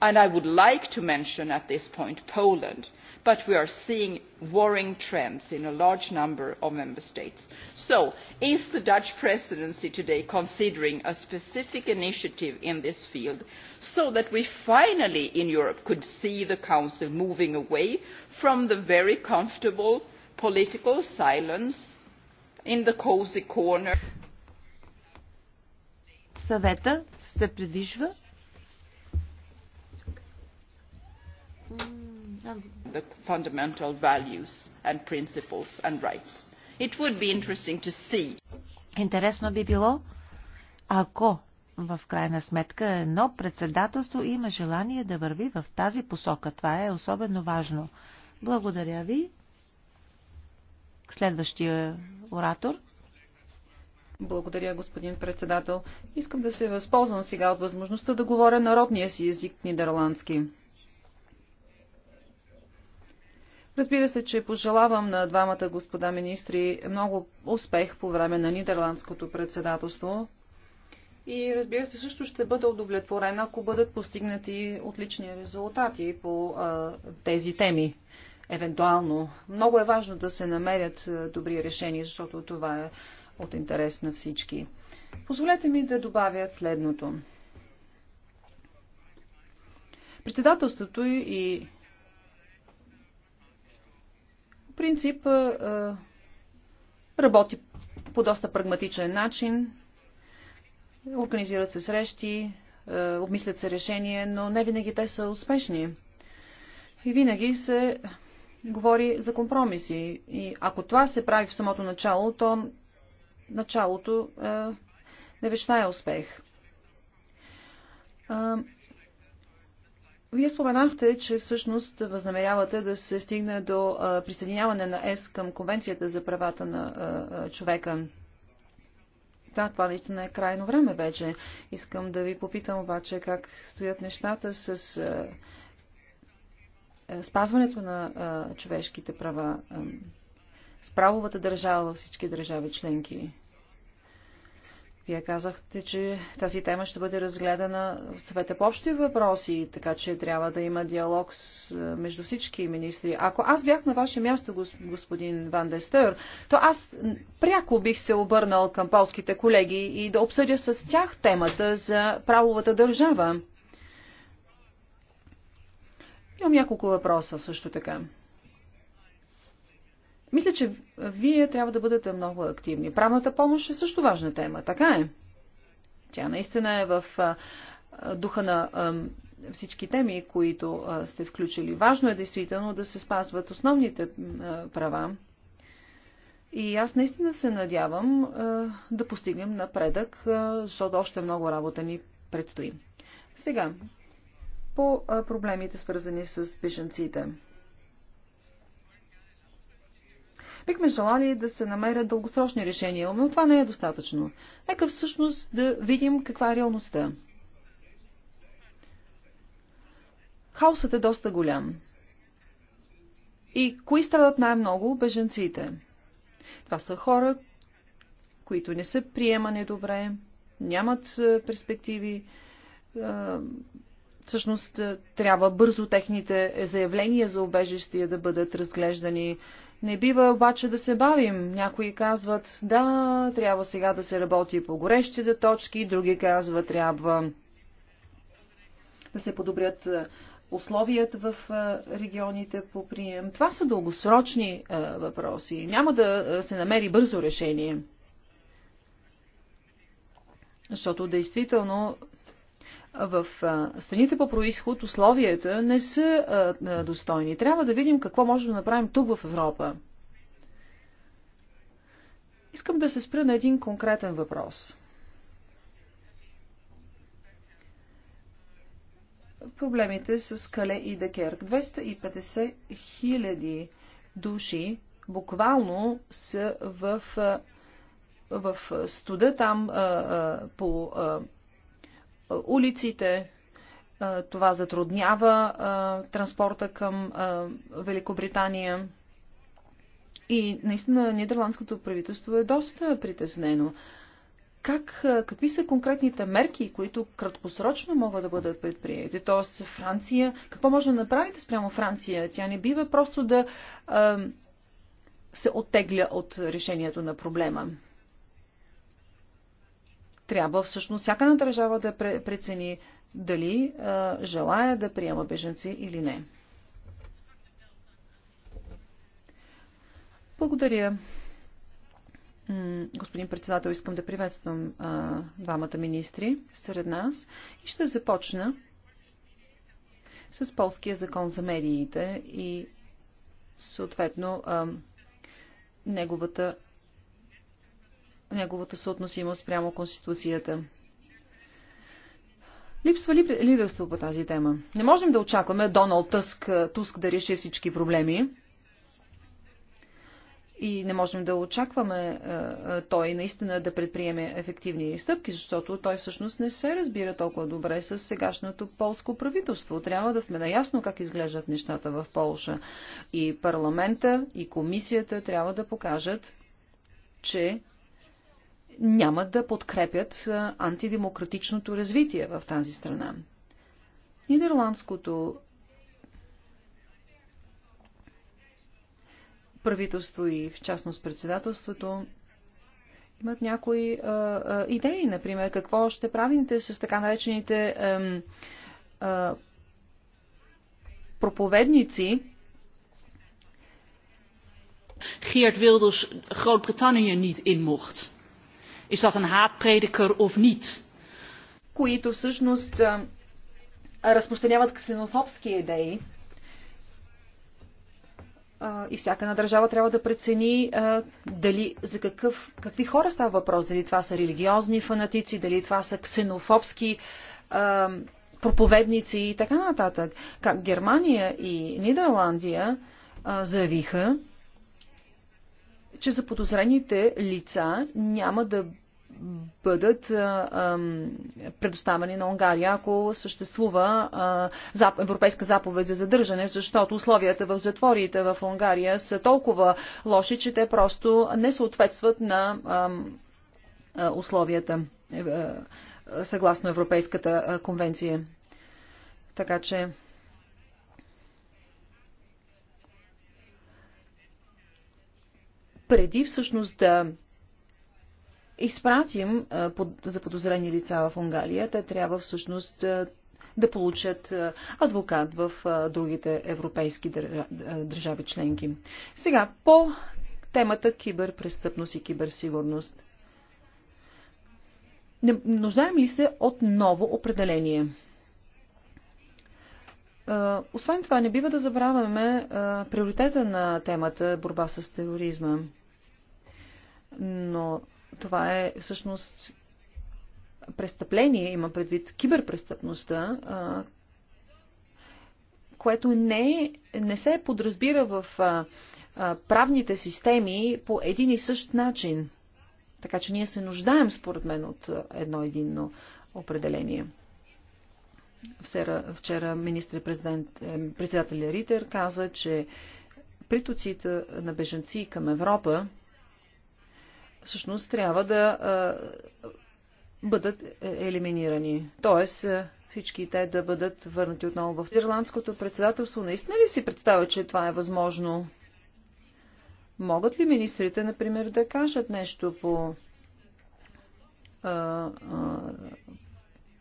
and i would like to mention at this point poland but we are seeing worrying trends in a large number of member states. so is the dutch presidency today considering a specific initiative in this field so that we finally in europe could see the council moving away from the very comfortable political silence in the cosy corner съвета се придвижва the fundamental values and principles and rights. It would be interesting to see. Интересно би било, ако в крайна сметка едно председателство има желание да върви в тази посока. Това е особено важно. Благодаря ви. Следващия оратор. Благодаря, господин председател. Искам да се възползвам сега от възможността да говоря народния си език нидерландски. Разбира се, че пожелавам на двамата господа министри много успех по време на нидерландското председателство. И разбира се, също ще бъда удовлетворена, ако бъдат постигнати отлични резултати по а, тези теми. Евентуално. Много е важно да се намерят добри решения, защото това е от интерес на всички. Позволете ми да добавя следното. Председателството и принцип работи по доста прагматичен начин. Организират се срещи, обмислят се решения, но не винаги те са успешни. И винаги се говори за компромиси. И ако това се прави в самото начало, то началото не вещае успех. Вие споменахте, че всъщност възнамерявате да се стигне до присъединяване на ЕС към Конвенцията за правата на човека. Да, това наистина е крайно време вече. Искам да ви попитам обаче как стоят нещата с а, спазването на а, човешките права, а, с правовата държава във всички държави членки. Вие казахте, че тази тема ще бъде разгледана в съвета по общи въпроси, така че трябва да има диалог с, между всички министри. Ако аз бях на ваше място, господин Ван Дестер, то аз пряко бих се обърнал към полските колеги и да обсъдя с тях темата за правовата държава. Имам няколко въпроса също така. Мисля, че вие трябва да бъдете много активни. Правната помощ е също важна тема, така е. Тя наистина е в духа на всички теми, които сте включили. Важно е действително да се спазват основните права. И аз наистина се надявам да постигнем напредък, защото още много работа ни предстои. Сега, по проблемите свързани с беженците. Бихме желали да се намерят дългосрочни решения, но това не е достатъчно. Нека всъщност да видим каква е реалността. Хаосът е доста голям. И кои страдат най-много? Беженците. Това са хора, които не са приемани добре, нямат е, перспективи. Е, всъщност е, трябва бързо техните заявления за обежище да бъдат разглеждани не бива обаче да се бавим. Някои казват, да, трябва сега да се работи по горещите точки, други казват, трябва да се подобрят е, условията в е, регионите по прием. Това са дългосрочни е, въпроси. Няма да се намери бързо решение. Защото действително в страните по происход условията не са достойни. Трябва да видим какво може да направим тук в Европа. Искам да се спра на един конкретен въпрос. Проблемите с Кале и Декерк. 250 хиляди души буквално са в, в студа там по улиците. Това затруднява транспорта към Великобритания. И наистина нидерландското правителство е доста притеснено. Как, какви са конкретните мерки, които краткосрочно могат да бъдат предприяти? Тоест Франция, какво може да направите спрямо Франция? Тя не бива просто да се оттегля от решението на проблема трябва всъщност всяка една държава да прецени дали а, желая да приема беженци или не. Благодаря. Господин председател, искам да приветствам а, двамата министри сред нас и ще започна с полския закон за медиите и съответно а, неговата неговата съотносимост прямо Конституцията. Липсва ли лидерство по тази тема? Не можем да очакваме Доналд Тъск, Туск да реши всички проблеми. И не можем да очакваме той наистина да предприеме ефективни стъпки, защото той всъщност не се разбира толкова добре с сегашното полско правителство. Трябва да сме наясно как изглеждат нещата в Полша. И парламента, и комисията трябва да покажат, че няма да подкрепят антидемократичното развитие в тази страна. Нидерландското правителство и в частност председателството имат някои а, а, идеи, например, какво ще правите с така наречените а, а, проповедници. Geert Wilders Groot-Brittannië niet in mocht. Is dat een haatprediker of niet? Които всъщност разпространяват ксенофобски идеи. И всяка една държава трябва да прецени дали за какъв, какви хора става въпрос. Дали това са религиозни фанатици, дали това са ксенофобски проповедници и така нататък. Как Германия и Нидерландия заявиха, че заподозрените лица няма да бъдат предоставени на Унгария, ако съществува европейска заповед за задържане, защото условията в затворите в Унгария са толкова лоши, че те просто не съответстват на условията е, съгласно Европейската конвенция. Така че. Преди всъщност да изпратим заподозрени лица в Унгария, те трябва всъщност да получат адвокат в другите европейски държави членки. Сега по темата киберпрестъпност и киберсигурност. Не нуждаем ли се от ново определение? Освен това, не бива да забравяме приоритета на темата борба с тероризма. Но това е всъщност престъпление, има предвид киберпрестъпността, което не, не се подразбира в правните системи по един и същ начин. Така че ние се нуждаем, според мен, от едно единно определение. Вчера, вчера министр-председателя е, Ритер каза, че притоците на беженци към Европа всъщност трябва да бъдат е, елиминирани. Тоест, всички те да бъдат върнати отново в Ирландското председателство. Наистина ли си представя, че това е възможно? Могат ли министрите, например, да кажат нещо по а, а,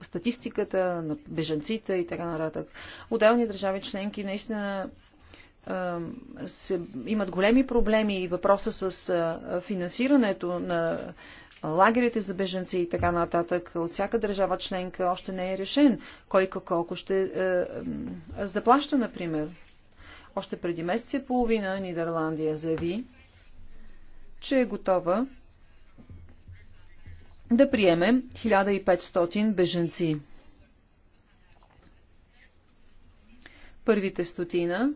статистиката на бежанците и така нататък? Отделни държави членки наистина се, имат големи проблеми и въпроса с финансирането на лагерите за беженци и така нататък от всяка държава членка още не е решен. Кой колко ще заплаща, например. Още преди месец и половина Нидерландия заяви, че е готова да приеме 1500 беженци. Първите стотина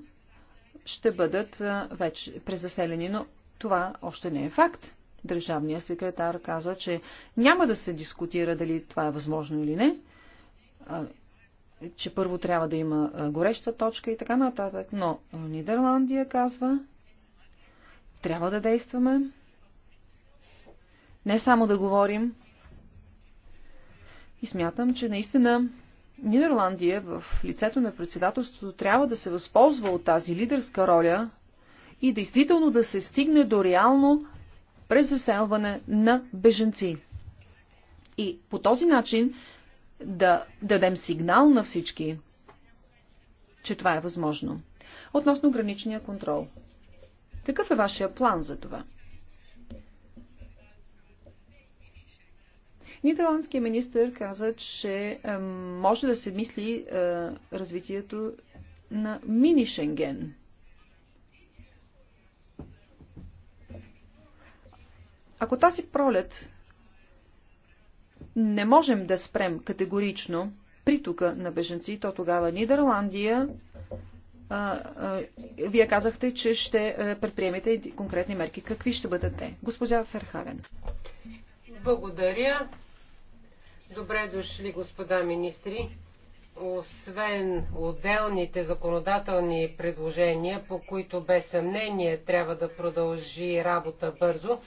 ще бъдат вече презаселени, но това още не е факт. Държавният секретар каза, че няма да се дискутира дали това е възможно или не, че първо трябва да има гореща точка и така нататък, но Нидерландия казва, трябва да действаме, не само да говорим. И смятам, че наистина Нидерландия в лицето на председателството трябва да се възползва от тази лидерска роля и действително да се стигне до реално презаселване на беженци. И по този начин да дадем сигнал на всички, че това е възможно. Относно граничния контрол. Какъв е вашия план за това? Нидерландския министр каза, че е, може да се мисли е, развитието на мини-Шенген. Ако тази пролет не можем да спрем категорично притока на беженци, то тогава Нидерландия, а, е, а, вие казахте, че ще предприемете конкретни мерки. Какви ще бъдат те? Госпожа Ферхарен. Благодаря. Добре дошли, господа министри. Освен отделните законодателни предложения, по които без съмнение трябва да продължи работа бързо,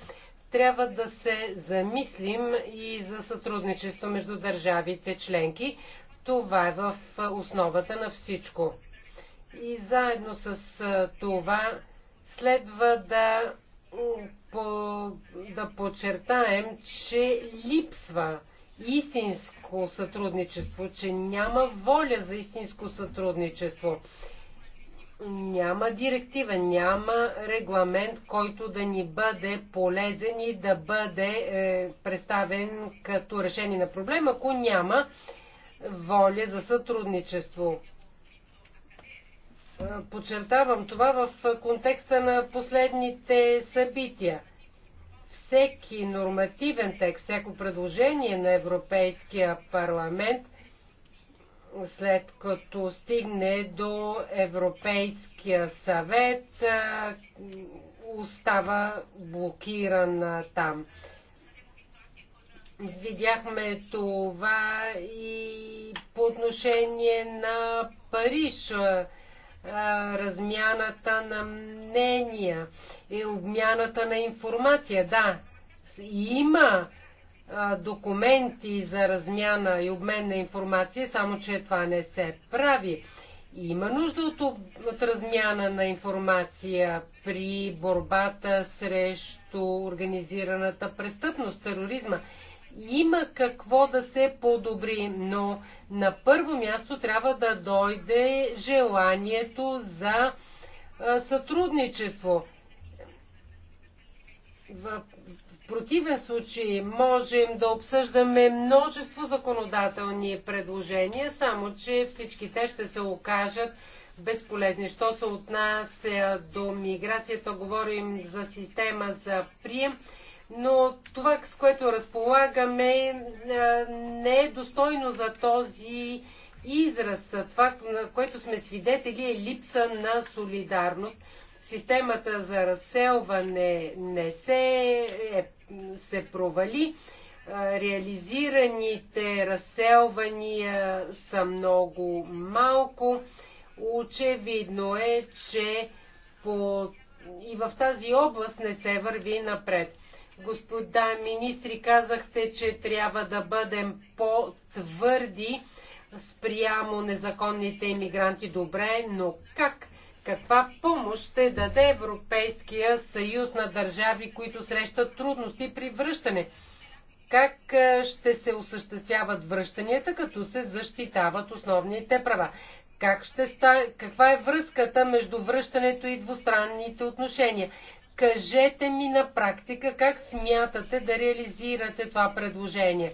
трябва да се замислим и за сътрудничество между държавите членки. Това е в основата на всичко. И заедно с това следва да, по, да подчертаем, че липсва истинско сътрудничество, че няма воля за истинско сътрудничество. Няма директива, няма регламент, който да ни бъде полезен и да бъде е, представен като решение на проблема, ако няма воля за сътрудничество. Е, подчертавам това в контекста на последните събития – всеки нормативен текст, всяко предложение на Европейския парламент, след като стигне до Европейския съвет, остава блокиран там. Видяхме това и по отношение на Париж размяната на мнения и обмяната на информация. Да, има документи за размяна и обмен на информация, само че това не се прави. Има нужда от, от размяна на информация при борбата срещу организираната престъпност, тероризма. Има какво да се подобри, но на първо място трябва да дойде желанието за сътрудничество. В противен случай можем да обсъждаме множество законодателни предложения, само че всички те ще се окажат безполезни. Що се отнася до миграцията, говорим за система за прием но това, с което разполагаме, е, не е достойно за този израз. Това, на което сме свидетели, е липса на солидарност. Системата за разселване не се, е, се провали. Е, реализираните разселвания са много малко. Очевидно е, че по и в тази област не се върви напред. Господа министри, казахте, че трябва да бъдем по-твърди спрямо незаконните иммигранти. Добре, но как? Каква помощ ще даде Европейския съюз на държави, които срещат трудности при връщане? Как ще се осъществяват връщанията, като се защитават основните права? Как ще ста... Каква е връзката между връщането и двустранните отношения? Кажете ми на практика как смятате да реализирате това предложение.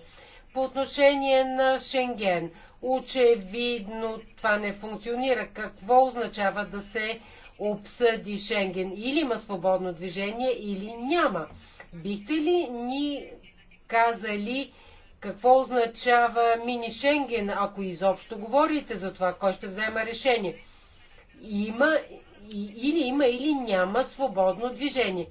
По отношение на Шенген, очевидно това не функционира. Какво означава да се обсъди Шенген? Или има свободно движение, или няма. Бихте ли ни казали какво означава мини Шенген, ако изобщо говорите за това, кой ще взема решение? Има или има, или няма свободно движение.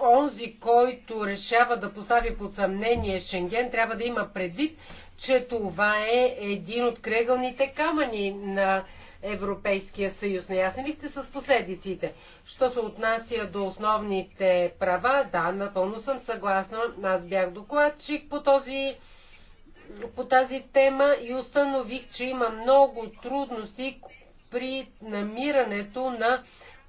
Онзи, който решава да постави под съмнение Шенген, трябва да има предвид, че това е един от кръгълните камъни на Европейския съюз. Наясни ли сте с последиците? Що се отнася до основните права, да, напълно съм съгласна. Аз бях докладчик по, този, по тази тема и установих, че има много трудности, при намирането на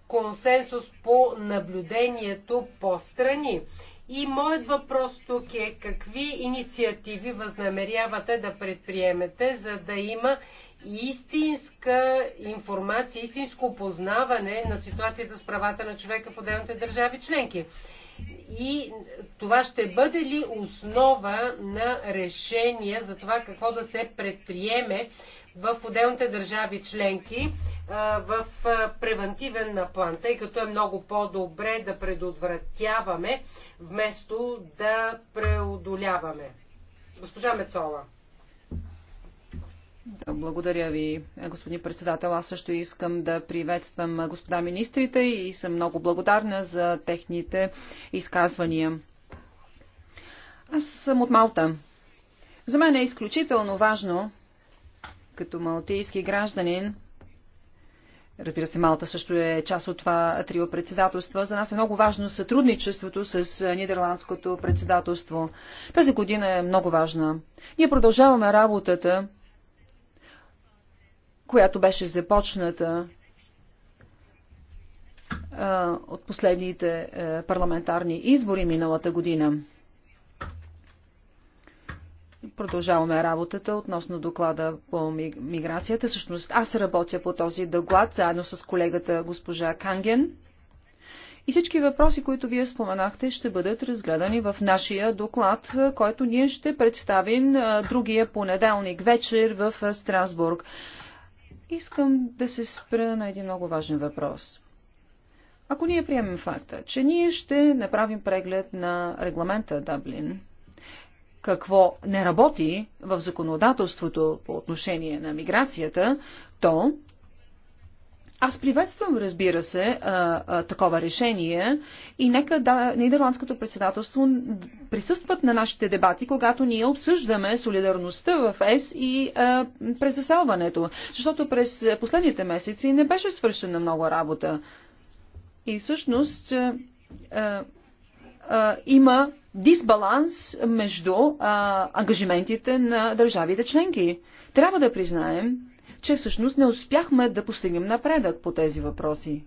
консенсус по наблюдението по страни. И моят въпрос тук е какви инициативи възнамерявате да предприемете, за да има истинска информация, истинско познаване на ситуацията с правата на човека в отделните държави членки. И това ще бъде ли основа на решение за това какво да се предприеме в отделните държави членки в превентивен план, тъй като е много по-добре да предотвратяваме, вместо да преодоляваме. Госпожа Мецола. Да, благодаря ви, господин председател. Аз също искам да приветствам господа министрите и съм много благодарна за техните изказвания. Аз съм от Малта. За мен е изключително важно като малтийски гражданин, разбира се, Малта също е част от това трио председателства, за нас е много важно сътрудничеството с нидерландското председателство. Тази година е много важна. Ние продължаваме работата, която беше започната от последните парламентарни избори миналата година. Продължаваме работата относно доклада по миграцията. Същност аз работя по този доклад заедно с колегата госпожа Канген. И всички въпроси, които вие споменахте, ще бъдат разгледани в нашия доклад, който ние ще представим другия понеделник вечер в Страсбург. Искам да се спра на един много важен въпрос. Ако ние приемем факта, че ние ще направим преглед на регламента Даблин, какво не работи в законодателството по отношение на миграцията, то аз приветствам, разбира се, а, а, такова решение и нека да, Нидерландското председателство присъстват на нашите дебати, когато ние обсъждаме солидарността в ЕС и а, през заселването. защото през последните месеци не беше свършена много работа. И всъщност а, има дисбаланс между а, ангажиментите на държавите членки. Трябва да признаем, че всъщност не успяхме да постигнем напредък по тези въпроси.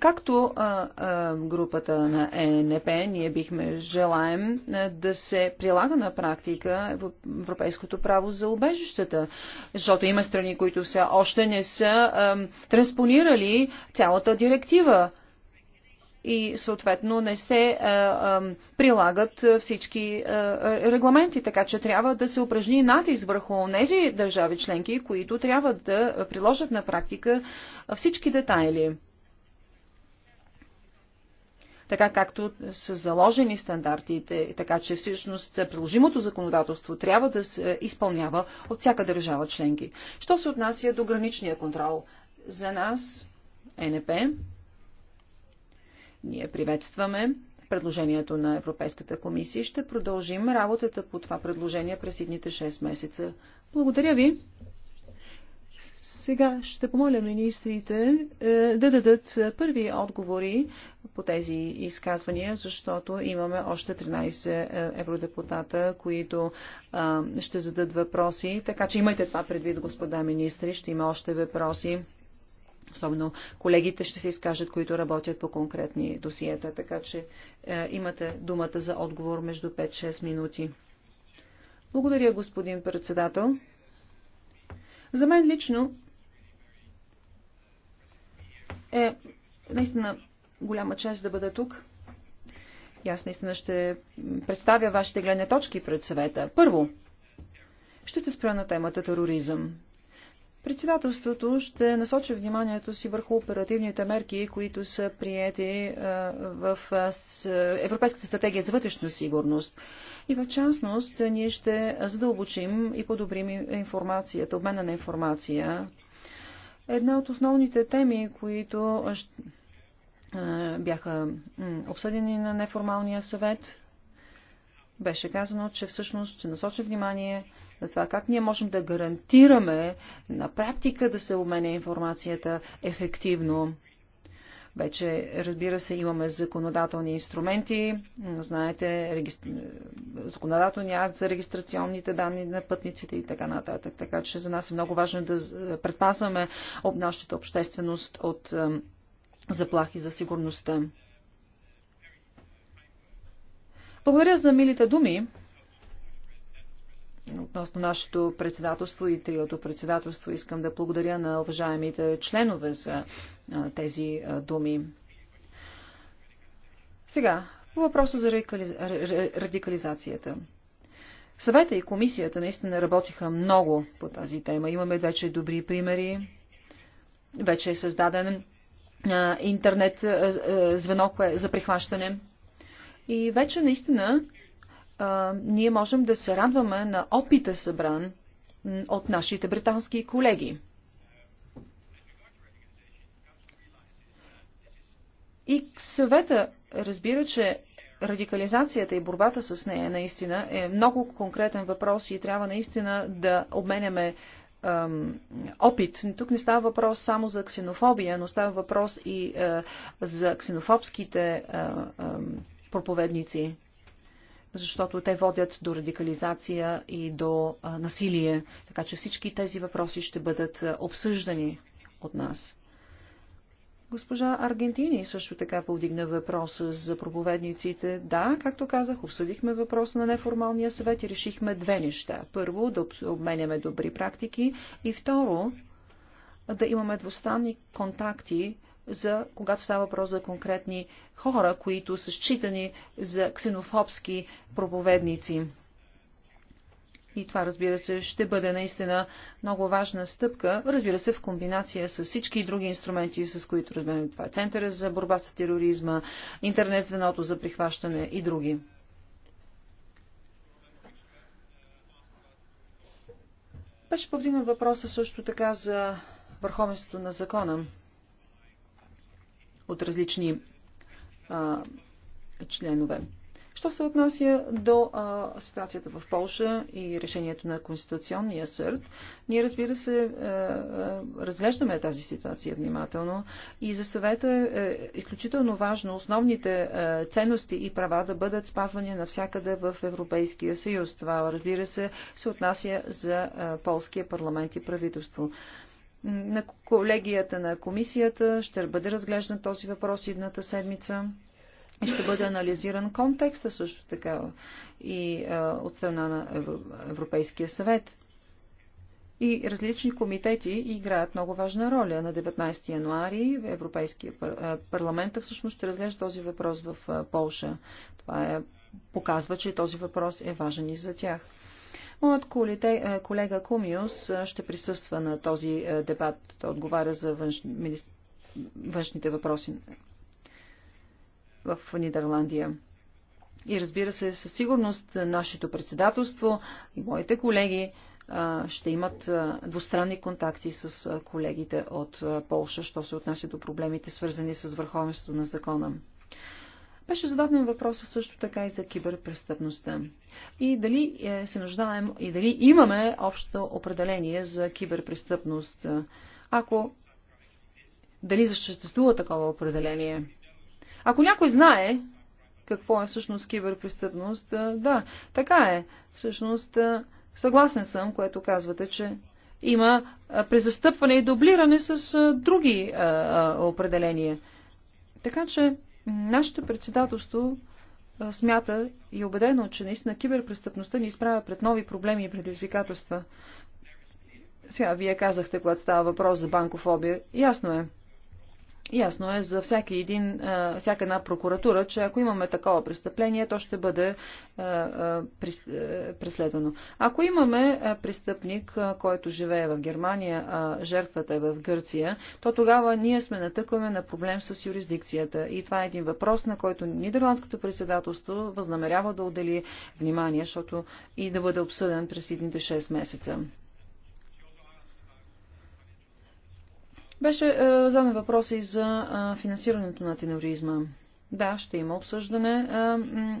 Както а, а, групата на ЕНП, ние бихме желаем а, да се прилага на практика европейското право за убежищата, защото има страни, които все още не са а, транспонирали цялата директива и съответно не се а, а, прилагат всички а, регламенти, така че трябва да се упражни натиск върху тези държави членки, които трябва да приложат на практика всички детайли така както са заложени стандартите, така че всъщност приложимото законодателство трябва да се изпълнява от всяка държава членки. Що се отнася до граничния контрол? За нас, НП, ние приветстваме предложението на Европейската комисия. и Ще продължим работата по това предложение през едните 6 месеца. Благодаря ви! Сега ще помоля министрите е, да дадат първи отговори по тези изказвания, защото имаме още 13 е, евродепутата, които е, ще зададат въпроси. Така че имайте това предвид, господа министри, ще има още въпроси. Особено колегите ще се изкажат, които работят по конкретни досиета, така че е, имате думата за отговор между 5-6 минути. Благодаря, господин председател. За мен лично е наистина голяма чест да бъда тук. И аз наистина ще представя вашите гледни точки пред съвета. Първо, ще се спра на темата тероризъм. Председателството ще насочи вниманието си върху оперативните мерки, които са приети е, в е, е, Европейската стратегия за вътрешна сигурност. И в частност, ние ще задълбочим и подобрим информацията, обмена на информация. Една от основните теми, които бяха обсъдени на неформалния съвет, беше казано, че всъщност ще насочи внимание за това как ние можем да гарантираме на практика да се обменя информацията ефективно. Вече, разбира се, имаме законодателни инструменти, знаете, регистр... законодателния акт за регистрационните данни на пътниците и така нататък. Така че за нас е много важно да предпазваме об нашата общественост от заплахи за сигурността. Благодаря за милите думи относно нашето председателство и триото председателство. Искам да благодаря на уважаемите членове за тези думи. Сега, по въпроса за радикализацията. Съвета и комисията наистина работиха много по тази тема. Имаме вече добри примери. Вече е създаден интернет звено за прихващане. И вече наистина а, ние можем да се радваме на опита събран от нашите британски колеги. И съвета разбира, че радикализацията и борбата с нея наистина е много конкретен въпрос и трябва наистина да обменяме опит. Тук не става въпрос само за ксенофобия, но става въпрос и е, за ксенофобските е, е, проповедници защото те водят до радикализация и до насилие. Така че всички тези въпроси ще бъдат обсъждани от нас. Госпожа Аргентини също така повдигна въпроса за проповедниците. Да, както казах, обсъдихме въпроса на неформалния съвет и решихме две неща. Първо, да обменяме добри практики и второ, да имаме двустранни контакти за, когато става въпрос за конкретни хора, които са считани за ксенофобски проповедници. И това, разбира се, ще бъде наистина много важна стъпка, разбира се, в комбинация с всички други инструменти, с които разбираме това. Е Центъра за борба с тероризма, интернет звеното за прихващане и други. Беше повдигнат въпроса също така за върховенството на закона от различни а, членове. Що се отнася до а, ситуацията в Польша и решението на Конституционния съд, ние разбира се а, разглеждаме тази ситуация внимателно и за съвета е изключително важно основните а, ценности и права да бъдат спазвани навсякъде в Европейския съюз. Това разбира се се отнася за а, полския парламент и правителство на колегията на комисията ще бъде разглеждан този въпрос едната седмица и ще бъде анализиран контекста също така и а, от страна на Европейския съвет. И различни комитети играят много важна роля. На 19 януари Европейския парламент всъщност ще разглежда този въпрос в Полша. Това е, показва, че този въпрос е важен и за тях. Моят е, колега Кумиус е, ще присъства на този е, дебат. Той отговаря за външните въпроси в Нидерландия. И разбира се, със сигурност нашето председателство и моите колеги ще имат двустранни контакти с колегите от Полша, що се отнася до проблемите, свързани с върховенството на закона. Беше зададен въпроса също така и за киберпрестъпността. И дали е, се нуждаем, и дали имаме общо определение за киберпрестъпност. Ако дали съществува такова определение. Ако някой знае какво е всъщност киберпрестъпност, е, да, така е. Всъщност, е, съгласен съм, което казвате, че има презастъпване и дублиране с други определения. Така че Нашето председателство смята и убедено, че наистина киберпрестъпността ни изправя пред нови проблеми и предизвикателства. Сега, вие казахте, когато става въпрос за банкофобия. Ясно е. Ясно е за всяка, един, всяка една прокуратура, че ако имаме такова престъпление, то ще бъде преследвано. Ако имаме престъпник, който живее в Германия, а жертвата е в Гърция, то тогава ние сме натъкваме на проблем с юрисдикцията. И това е един въпрос, на който Нидерландското председателство възнамерява да отдели внимание, защото и да бъде обсъден през едните 6 месеца. Беше е, зададен въпрос и за е, финансирането на теноризма. Да, ще има обсъждане а,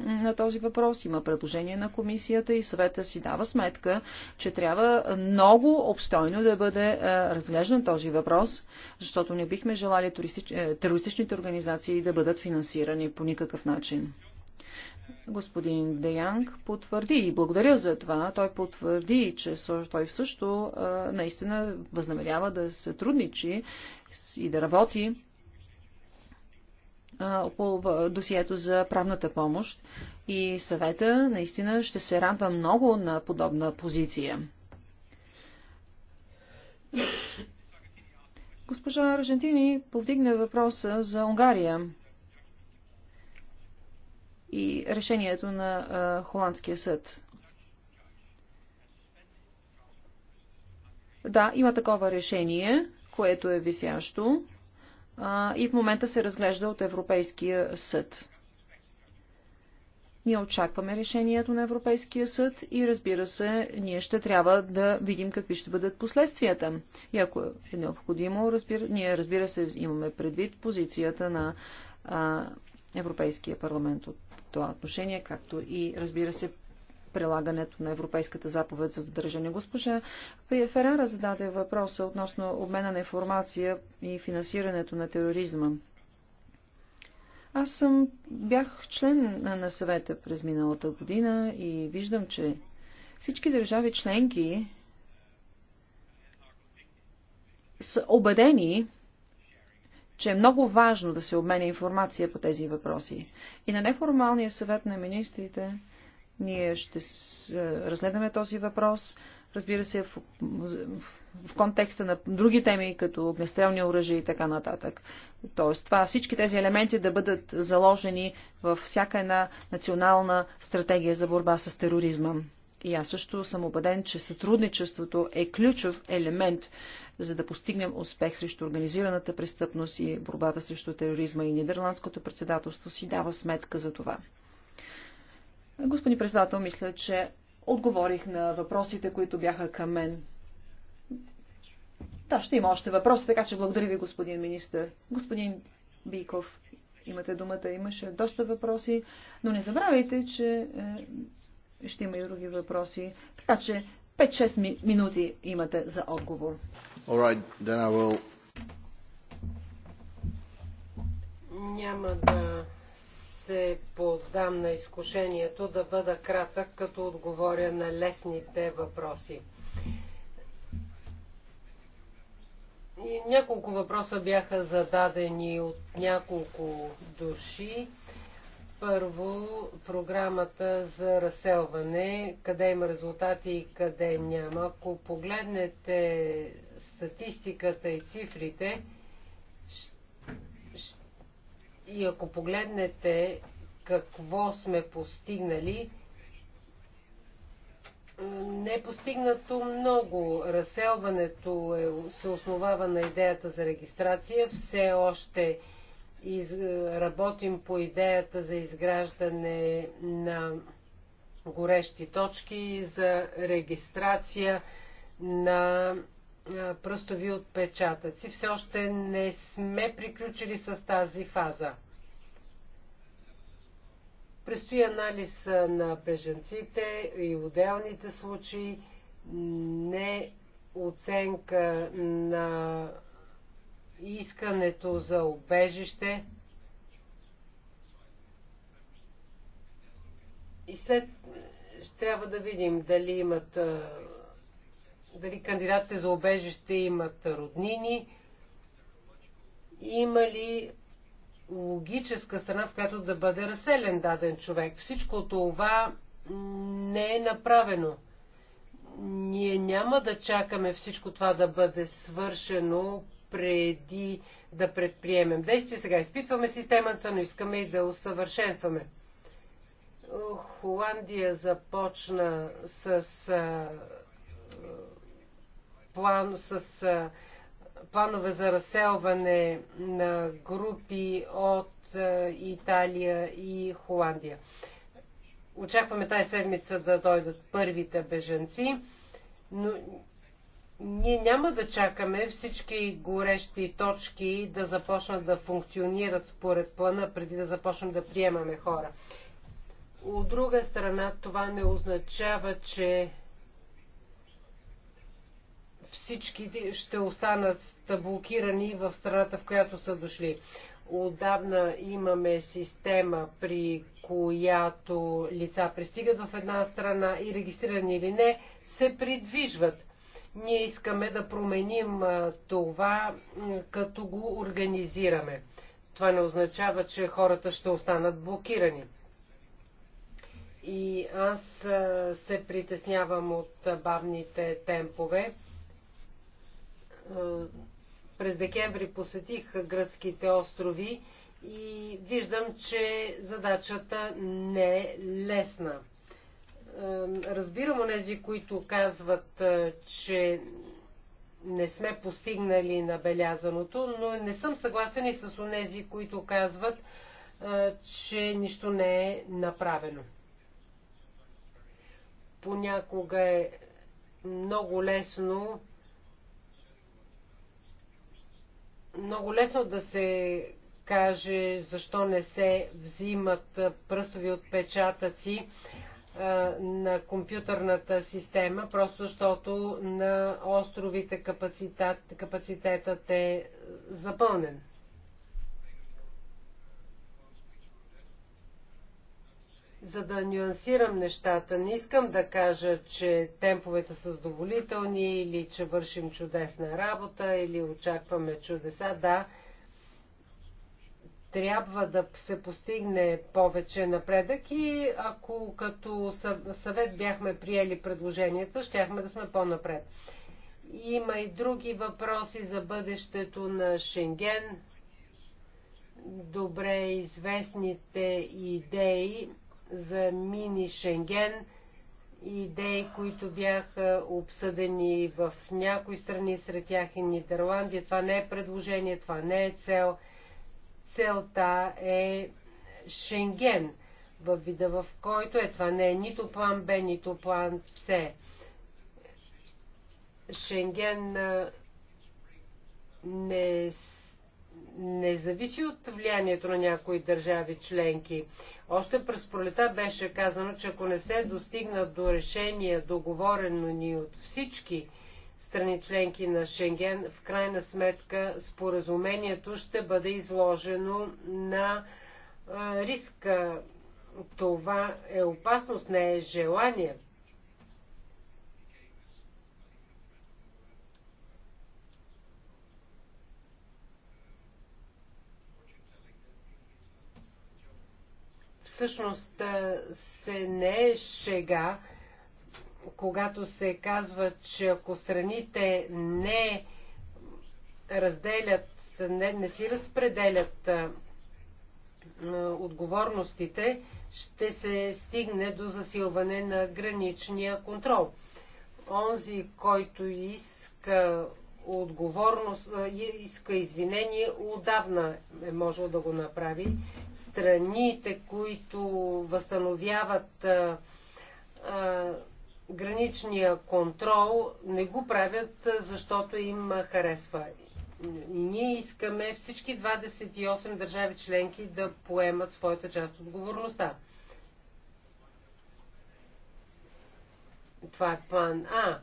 на този въпрос, има предложение на комисията и съвета си дава сметка, че трябва много обстойно да бъде а, разглеждан този въпрос, защото не бихме желали туристич... Е, терористичните организации да бъдат финансирани по никакъв начин господин Деянг потвърди и благодаря за това. Той потвърди, че той също наистина възнамерява да се трудничи и да работи по досието за правната помощ и съвета наистина ще се радва много на подобна позиция. Госпожа Аржентини повдигна въпроса за Унгария и решението на а, Холандския съд. Да, има такова решение, което е висящо а, и в момента се разглежда от Европейския съд. Ние очакваме решението на Европейския съд и разбира се, ние ще трябва да видим какви ще бъдат последствията. И ако е необходимо, разбира, ние разбира се имаме предвид позицията на а, Европейския парламент от това отношение, както и, разбира се, прилагането на Европейската заповед за задържане. Госпожа Ферара зададе въпроса относно обмена на информация и финансирането на тероризма. Аз съм, бях член на съвета през миналата година и виждам, че всички държави членки са убедени, че е много важно да се обменя информация по тези въпроси. И на неформалния съвет на министрите ние ще е, разгледаме този въпрос, разбира се, в, в контекста на други теми, като огнестрелни оръжия и така нататък. Тоест, това, всички тези елементи да бъдат заложени във всяка една национална стратегия за борба с тероризма. И аз също съм убеден, че сътрудничеството е ключов елемент за да постигнем успех срещу организираната престъпност и борбата срещу тероризма и Нидерландското председателство си дава сметка за това. Господин председател, мисля, че отговорих на въпросите, които бяха към мен. Да, ще има още въпроси, така че благодаря ви, господин министър. Господин Биков, имате думата, имаше доста въпроси, но не забравяйте, че е, ще има и други въпроси. Така че 5-6 минути имате за отговор. All right, then I will... Няма да се поддам на изкушението да бъда кратък, като отговоря на лесните въпроси. И няколко въпроса бяха зададени от няколко души. Първо, програмата за разселване, къде има резултати и къде няма. Ако погледнете статистиката и цифрите, и ако погледнете какво сме постигнали, не е постигнато много. Разселването е, се основава на идеята за регистрация. Все още из, работим по идеята за изграждане на горещи точки за регистрация на пръстови отпечатъци. Все още не сме приключили с тази фаза. Престои анализ на беженците и отделните случаи, не оценка на искането за обежище. И след ще трябва да видим дали имат дали кандидатите за обежище имат роднини, има ли логическа страна, в която да бъде разселен даден човек. Всичко това не е направено. Ние няма да чакаме всичко това да бъде свършено преди да предприемем действия. Сега изпитваме системата, но искаме и да усъвършенстваме. Холандия започна с план, с а, планове за разселване на групи от а, Италия и Холандия. Очакваме тази седмица да дойдат първите бежанци, но ние няма да чакаме всички горещи точки да започнат да функционират според плана, преди да започнем да приемаме хора. От друга страна, това не означава, че всички ще останат блокирани в страната, в която са дошли. Отдавна имаме система, при която лица пристигат в една страна и регистрирани или не, се придвижват. Ние искаме да променим това, като го организираме. Това не означава, че хората ще останат блокирани. И аз се притеснявам от бавните темпове е, през декември посетих гръцките острови и виждам, че задачата не е лесна. Е, разбирам онези, които казват, е, че не сме постигнали набелязаното, но не съм съгласен и с онези, които казват, че нищо не е направено. Понякога е много лесно много лесно да се каже защо не се взимат пръстови отпечатъци на компютърната система, просто защото на островите капацитет, капацитетът е запълнен. за да нюансирам нещата, не искам да кажа, че темповете са задоволителни или че вършим чудесна работа или очакваме чудеса. Да, трябва да се постигне повече напредък и ако като съвет бяхме приели предложенията, щяхме да сме по-напред. Има и други въпроси за бъдещето на Шенген, добре известните идеи за мини Шенген, идеи, които бяха обсъдени в някои страни, сред тях и Нидерландия. Това не е предложение, това не е цел. Целта е Шенген във вида в който е. Това не е нито план Б, нито план С. Шенген не се не зависи от влиянието на някои държави членки. Още през пролета беше казано, че ако не се достигна до решение, договорено ни от всички страни членки на Шенген, в крайна сметка споразумението ще бъде изложено на риска. Това е опасност, не е желание. всъщност се не е шега, когато се казва, че ако страните не разделят, не, не си разпределят а, отговорностите, ще се стигне до засилване на граничния контрол. Онзи, който иска отговорност, иска извинение, отдавна е можел да го направи. Страните, които възстановяват а, а, граничния контрол, не го правят, защото им харесва. Ние искаме всички 28 държави членки да поемат своята част от отговорността. Това е план А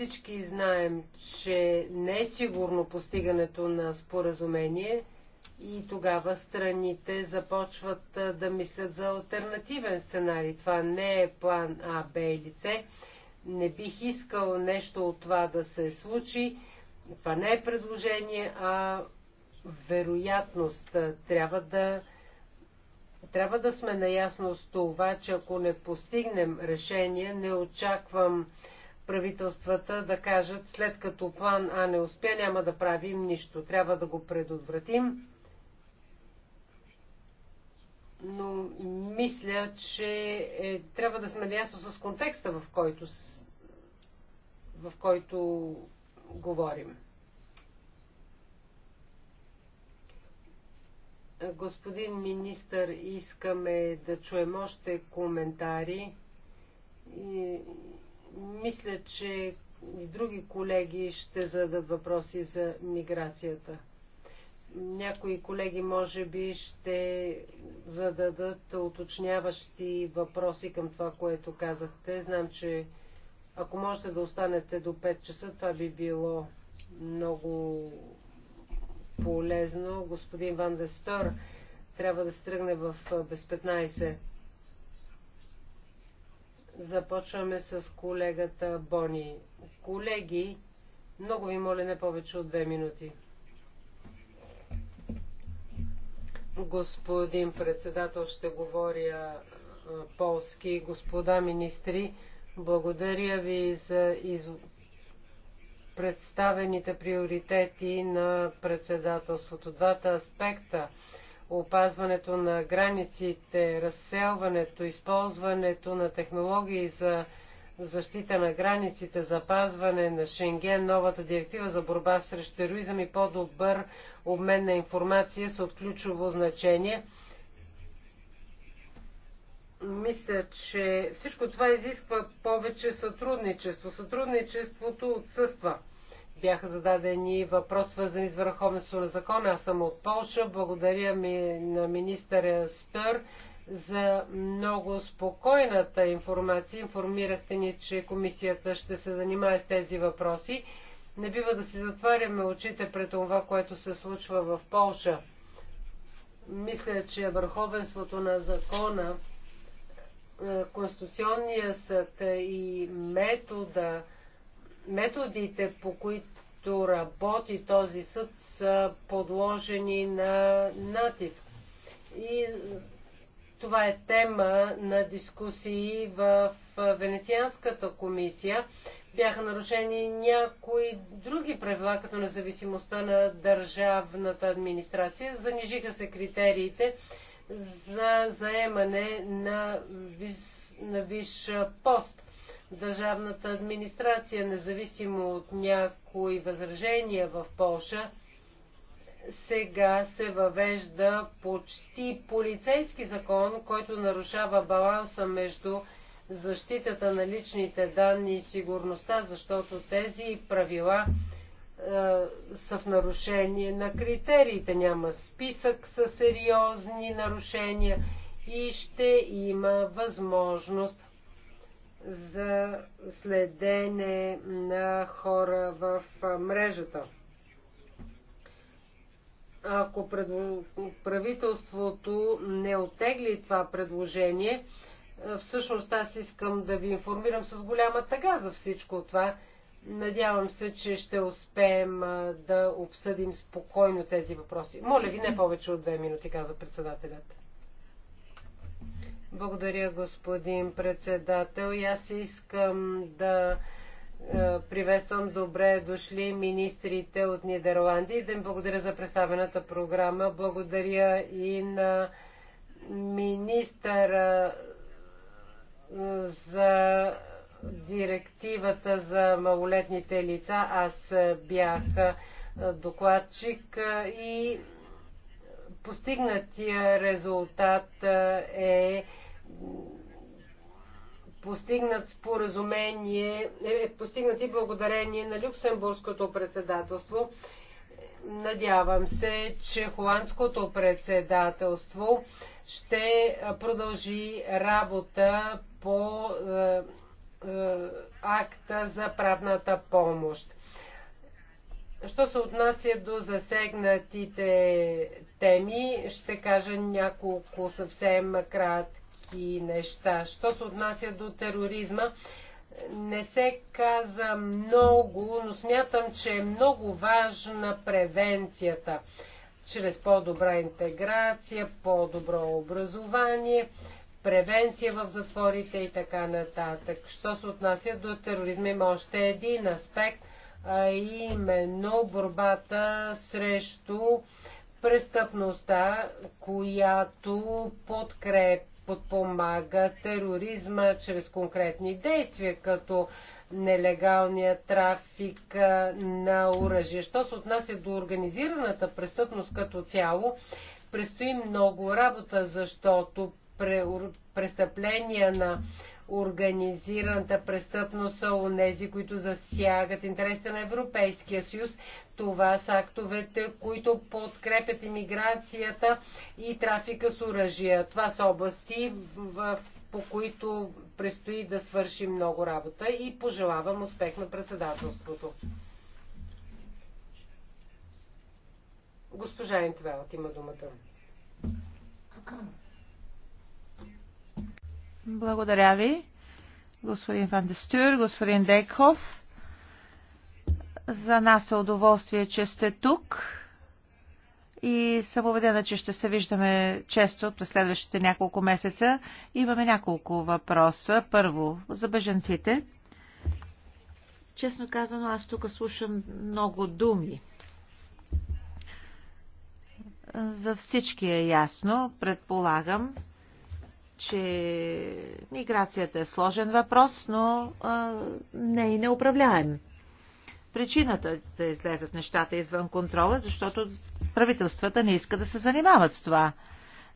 Всички знаем, че не е сигурно постигането на споразумение и тогава страните започват да мислят за альтернативен сценарий. Това не е план А, Б или С. Не бих искал нещо от това да се случи. Това не е предложение, а вероятност. Трябва да, трябва да сме наясно с това, че ако не постигнем решение, не очаквам правителствата да кажат, след като план А не успя, няма да правим нищо. Трябва да го предотвратим. Но мисля, че е, трябва да сме наясно с контекста, в който, в който говорим. Господин министър, искаме да чуем още коментари. И мисля, че и други колеги ще зададат въпроси за миграцията. Някои колеги може би ще зададат уточняващи въпроси към това, което казахте. Знам, че ако можете да останете до 5 часа, това би било много полезно. Господин Ван Дестор трябва да стръгне в без 15. Започваме с колегата Бони. Колеги, много ви моля не повече от две минути. Господин председател, ще говоря полски. Господа министри, благодаря ви за из... представените приоритети на председателството. Двата аспекта опазването на границите, разселването, използването на технологии за защита на границите, запазване на Шенген, новата директива за борба срещу тероризъм и по-добър обмен на информация са от ключово значение. Мисля, че всичко това изисква повече сътрудничество. Сътрудничеството отсъства бяха зададени въпрос, свързани с върховенство на закона. Аз съм от Польша. Благодаря ми на министъра Стър за много спокойната информация. Информирахте ни, че комисията ще се занимае с тези въпроси. Не бива да си затваряме очите пред това, което се случва в Полша. Мисля, че върховенството на закона, е, Конституционния съд и метода, методите, по които работи този съд, са подложени на натиск. И това е тема на дискусии в Венецианската комисия. Бяха нарушени някои други правила, като независимостта на държавната администрация. Занижиха се критериите за заемане на, вис... на виш пост държавната администрация, независимо от някои възражения в Польша, сега се въвежда почти полицейски закон, който нарушава баланса между защитата на личните данни и сигурността, защото тези правила е, са в нарушение на критериите. Няма списък с сериозни нарушения и ще има възможност за следене на хора в мрежата. Ако правителството не отегли това предложение, всъщност аз искам да ви информирам с голяма тъга за всичко това. Надявам се, че ще успеем да обсъдим спокойно тези въпроси. Моля ви, не повече от две минути, каза председателят. Благодаря, господин председател. И аз искам да е, приветствам добре дошли министрите от Нидерландия и да им благодаря за представената програма. Благодаря и на министъра е, за директивата за малолетните лица. Аз бях е, докладчик и постигнатия резултат е постигнат споразумение, е, е постигнати благодарение на Люксембургското председателство. Надявам се, че холандското председателство ще продължи работа по е, е, акта за правната помощ. Що се отнася до засегнатите теми. Ще кажа няколко съвсем кратки неща. Що се отнася до тероризма, не се каза много, но смятам, че е много важна превенцията чрез по-добра интеграция, по-добро образование, превенция в затворите и така нататък. Що се отнася до тероризма, има още един аспект, а именно борбата срещу престъпността, която подкреп, подпомага тероризма чрез конкретни действия, като нелегалния трафик на оръжие. Що се отнася до организираната престъпност като цяло, предстои много работа, защото престъпления на организираната престъпност са онези, които засягат интересите на Европейския съюз. Това са актовете, които подкрепят иммиграцията и трафика с оръжия. Това са области, в, по които предстои да свърши много работа и пожелавам успех на председателството. Госпожа Интвелт има думата. Благодаря ви, господин Фандестюр, господин Декхов. За нас е удоволствие, че сте тук и съм убедена, че ще се виждаме често през следващите няколко месеца. Имаме няколко въпроса. Първо, за беженците. Честно казано, аз тук слушам много думи. За всички е ясно, предполагам че миграцията е сложен въпрос, но а, не и неуправляем. Причината е да излезат нещата извън контрола, защото правителствата не искат да се занимават с това.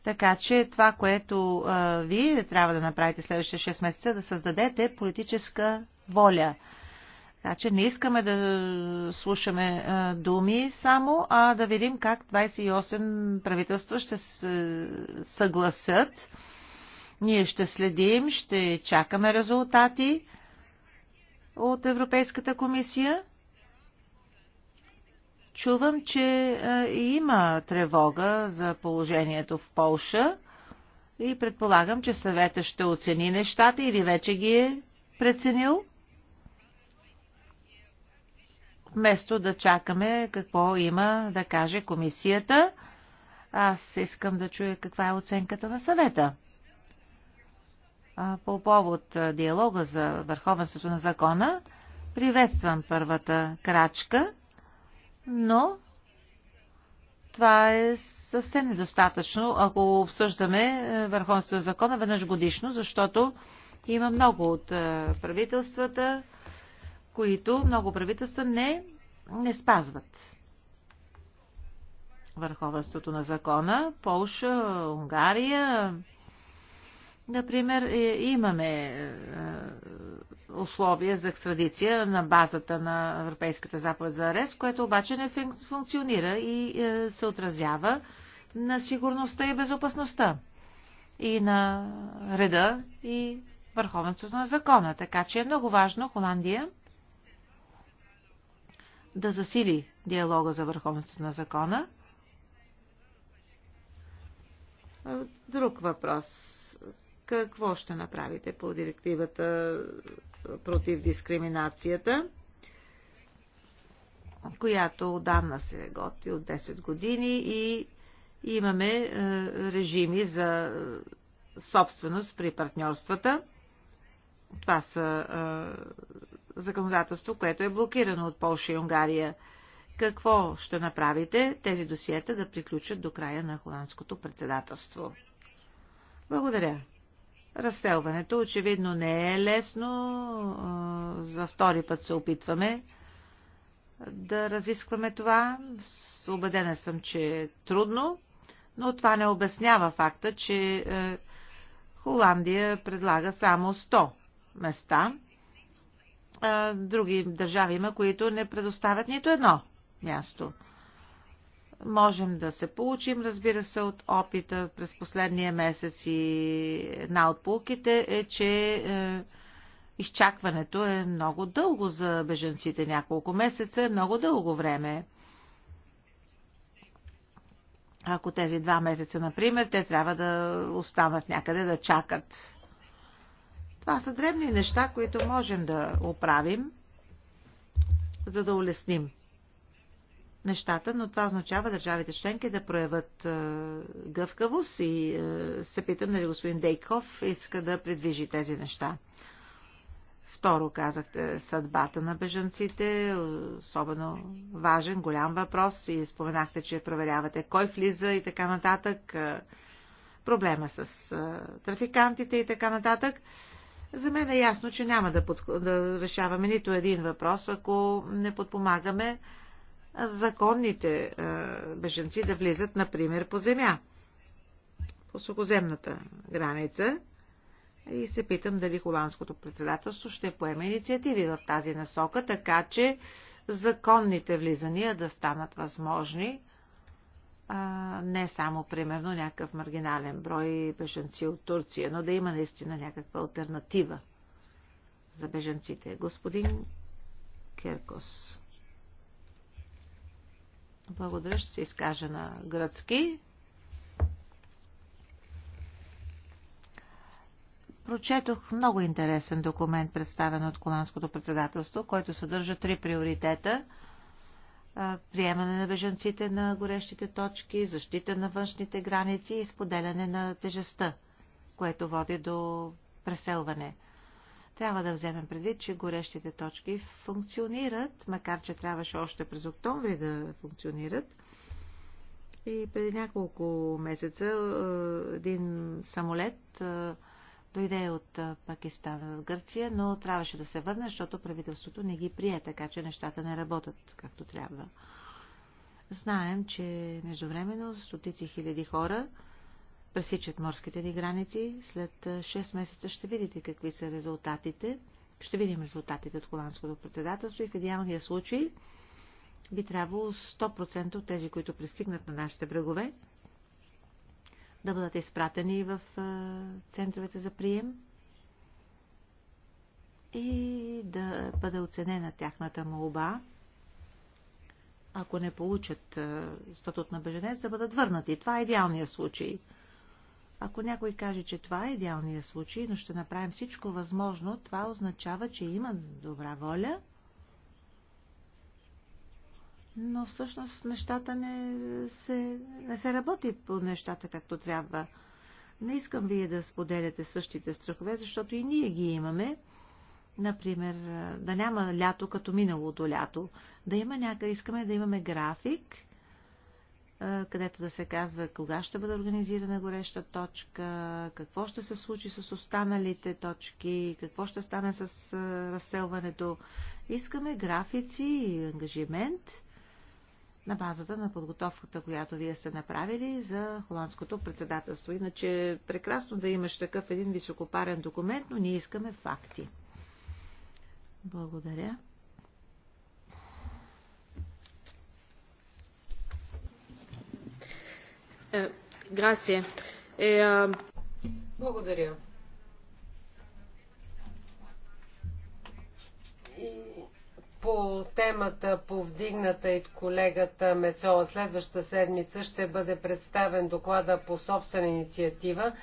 Така че това, което а, вие трябва да направите следващите 6 месеца, е да създадете политическа воля. Така че не искаме да слушаме а, думи само, а да видим как 28 правителства ще се съгласят ние ще следим, ще чакаме резултати от Европейската комисия. Чувам, че е, има тревога за положението в Полша и предполагам, че съвета ще оцени нещата или вече ги е преценил. Вместо да чакаме какво има да каже комисията, аз искам да чуя каква е оценката на съвета по повод диалога за върховенството на закона. Приветствам първата крачка, но това е съвсем недостатъчно, ако обсъждаме е, върховенството на закона веднъж годишно, защото има много от е, правителствата, които много правителства не, не спазват върховенството на закона. Полша, Унгария, Например, е, имаме е, условия за екстрадиция на базата на Европейската заповед за арест, което обаче не функционира и е, се отразява на сигурността и безопасността и на реда и върховенството на закона. Така че е много важно Холандия да засили диалога за върховенството на закона. Друг въпрос какво ще направите по директивата против дискриминацията, която отдавна се готви от 10 години и имаме е, режими за собственост при партньорствата. Това са е, законодателство, което е блокирано от Полша и Унгария. Какво ще направите тези досиета да приключат до края на холандското председателство? Благодаря. Разселването очевидно не е лесно. За втори път се опитваме да разискваме това. Обедена съм, че е трудно, но това не обяснява факта, че е, Холандия предлага само 100 места. Други държави има, които не предоставят нито едно място. Можем да се получим, разбира се, от опита през последния месец и една от полките е, че е, изчакването е много дълго за беженците. Няколко месеца е много дълго време. Ако тези два месеца, например, те трябва да останат някъде да чакат. Това са древни неща, които можем да оправим, за да улесним нещата, но това означава държавите членки да проявят е, гъвкавост и е, се питам дали господин Дейков иска да придвижи тези неща. Второ, казахте, съдбата на бежанците, е, особено важен, голям въпрос и споменахте, че проверявате кой влиза и така нататък, проблема с трафикантите и така нататък. За мен е ясно, че няма да, под... да решаваме нито един въпрос, ако не подпомагаме законните беженци да влизат, например, по земя, по сухоземната граница. И се питам дали холандското председателство ще поеме инициативи в тази насока, така че законните влизания да станат възможни, а, не само, примерно, някакъв маргинален брой беженци от Турция, но да има наистина някаква альтернатива за беженците. Господин Киркос. Благодаря, ще се изкажа на гръцки. Прочетох много интересен документ, представен от Коланското председателство, който съдържа три приоритета. Приемане на бежанците на горещите точки, защита на външните граници и споделяне на тежестта, което води до преселване – трябва да вземем предвид, че горещите точки функционират, макар че трябваше още през октомври да функционират. И преди няколко месеца е, един самолет е, дойде от е, Пакистан в Гърция, но трябваше да се върне, защото правителството не ги прие, така че нещата не работят както трябва. Знаем, че междувременно стотици хиляди хора пресичат морските ни граници. След 6 месеца ще видите какви са резултатите. Ще видим резултатите от холандското председателство и в идеалния случай би трябвало 100% от тези, които пристигнат на нашите брегове, да бъдат изпратени в центровете за прием и да бъде оценена тяхната молба, ако не получат статут на беженец, да бъдат върнати. Това е идеалният случай – ако някой каже, че това е идеалният случай, но ще направим всичко възможно, това означава, че има добра воля, но всъщност нещата не се, не се работи по нещата както трябва. Не искам вие да споделяте същите страхове, защото и ние ги имаме. Например, да няма лято като миналото лято. Да има някъде, искаме да имаме график, където да се казва кога ще бъде организирана гореща точка, какво ще се случи с останалите точки, какво ще стане с разселването. Искаме графици и ангажимент на базата на подготовката, която вие сте направили за холандското председателство. Иначе е прекрасно да имаш такъв един високопарен документ, но ние искаме факти. Благодаря. Е, е, Благодаря. И по темата, повдигната и от колегата Мецола, следващата седмица ще бъде представен доклада по собствена инициатива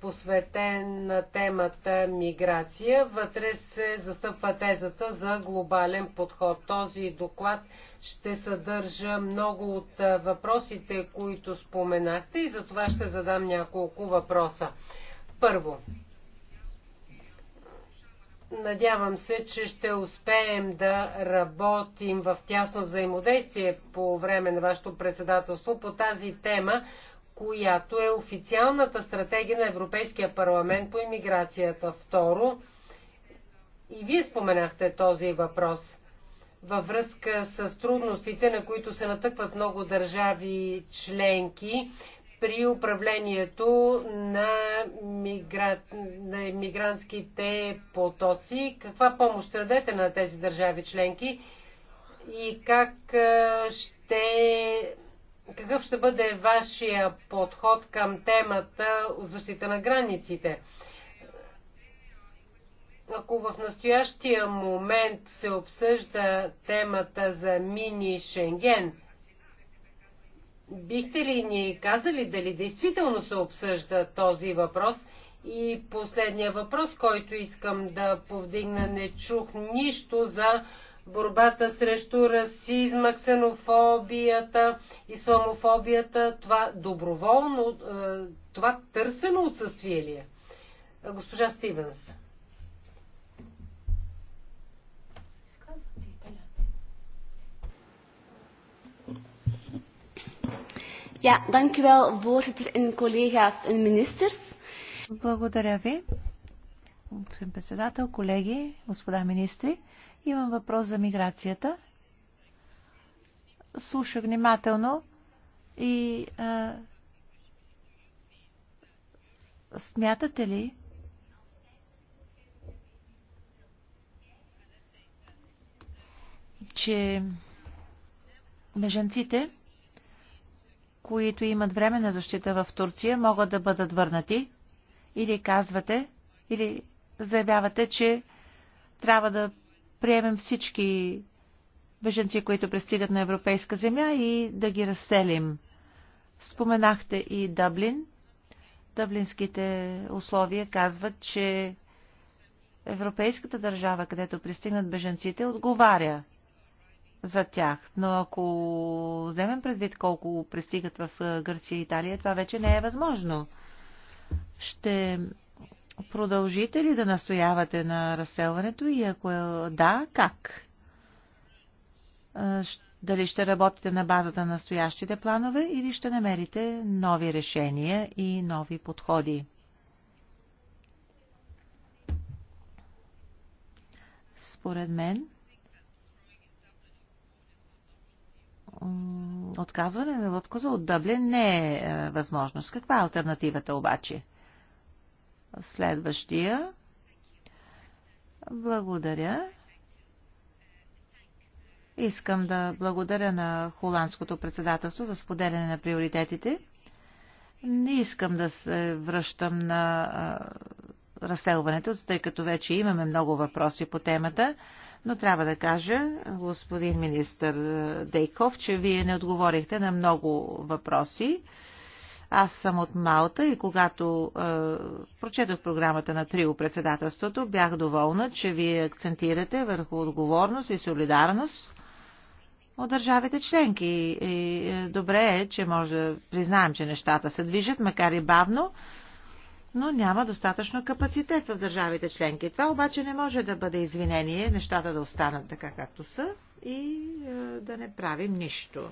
посветен на темата миграция. Вътре се застъпва тезата за глобален подход. Този доклад ще съдържа много от въпросите, които споменахте и за това ще задам няколко въпроса. Първо, надявам се, че ще успеем да работим в тясно взаимодействие по време на вашето председателство по тази тема, която е официалната стратегия на Европейския парламент по иммиграцията. Второ, и вие споменахте този въпрос във връзка с трудностите, на които се натъкват много държави членки при управлението на, мигра... на мигрантските потоци. Каква помощ ще дадете на тези държави членки и как ще какъв ще бъде вашия подход към темата защита на границите? Ако в настоящия момент се обсъжда темата за мини Шенген, бихте ли ни казали дали действително се обсъжда този въпрос? И последния въпрос, който искам да повдигна, не чух нищо за борбата срещу расизма, ксенофобията, исламофобията, това доброволно, е, това търсено отсъствие ли е? Госпожа Стивенс. Ja, dank u wel, voorzitter en collega's en ministers. Благодаря ви, господин председател, колеги, господа министри. Имам въпрос за миграцията. Слушах внимателно и а, смятате ли, че бежанците, които имат време на защита в Турция, могат да бъдат върнати? Или казвате, или заявявате, че трябва да приемем всички беженци, които пристигат на европейска земя и да ги разселим. Споменахте и Дъблин. Дъблинските условия казват, че европейската държава, където пристигнат беженците, отговаря за тях. Но ако вземем предвид колко пристигат в е, Гърция и Италия, това вече не е възможно. Ще продължите ли да настоявате на разселването и ако е да, как? Дали ще работите на базата на настоящите планове или ще намерите нови решения и нови подходи? Според мен, отказване на отказа от Дъблин не е, е възможност. Каква е альтернативата обаче? следващия. Благодаря. Искам да благодаря на холандското председателство за споделяне на приоритетите. Не искам да се връщам на разселването, тъй като вече имаме много въпроси по темата, но трябва да кажа, господин министр Дейков, че вие не отговорихте на много въпроси. Аз съм от Малта и когато е, прочетох програмата на Трио председателството, бях доволна, че вие акцентирате върху отговорност и солидарност от държавите членки. И е, добре е, че може да признаем, че нещата се движат, макар и бавно, но няма достатъчно капацитет в държавите членки. Това обаче не може да бъде извинение, нещата да останат така както са и е, да не правим нищо.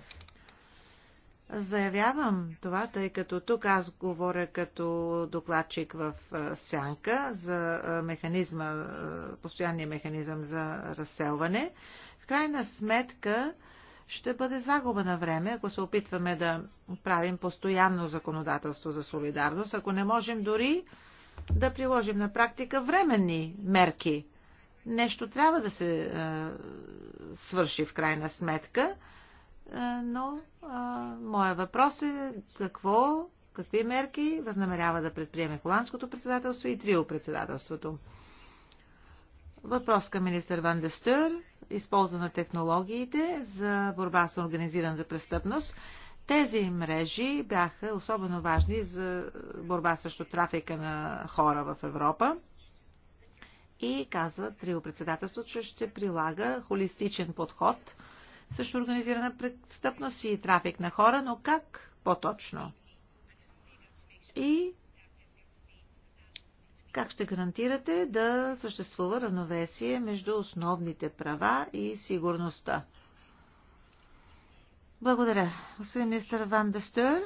Заявявам това, тъй като тук аз говоря като докладчик в сянка за механизма, постоянния механизъм за разселване. В крайна сметка ще бъде загуба на време, ако се опитваме да правим постоянно законодателство за солидарност, ако не можем дори да приложим на практика временни мерки. Нещо трябва да се е, свърши в крайна сметка. Е, но а, моя въпрос е какво, какви мерки възнамерява да предприеме холандското председателство и трио председателството. Въпрос към министър Ван Дестър, Използва на технологиите за борба с организираната престъпност. Тези мрежи бяха особено важни за борба срещу трафика на хора в Европа. И казва трио председателство, че ще прилага холистичен подход – също организирана престъпност и трафик на хора, но как по-точно? И как ще гарантирате да съществува равновесие между основните права и сигурността? Благодаря. Господин министър Ван Дестер,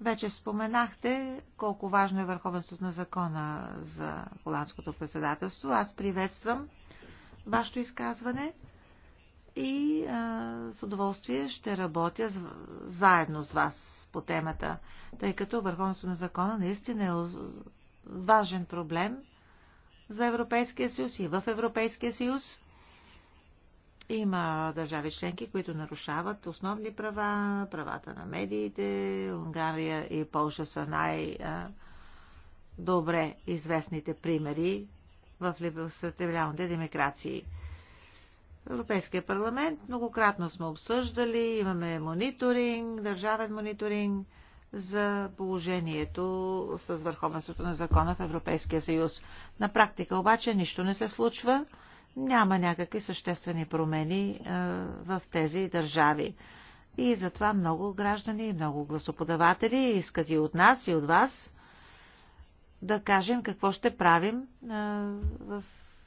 вече споменахте колко важно е върховенството на закона за холандското председателство. Аз приветствам вашето изказване и а, с удоволствие ще работя с, заедно с вас по темата, тъй като върховенство на закона наистина е важен проблем за Европейския съюз и в Европейския съюз. Има държави членки, които нарушават основни права, правата на медиите. Унгария и Полша са най-добре известните примери в световлявните демокрации. Европейския парламент многократно сме обсъждали, имаме мониторинг, държавен мониторинг за положението с върховенството на закона в Европейския съюз. На практика обаче нищо не се случва, няма някакви съществени промени е, в тези държави. И затова много граждани и много гласоподаватели искат и от нас, и от вас да кажем какво ще правим е, в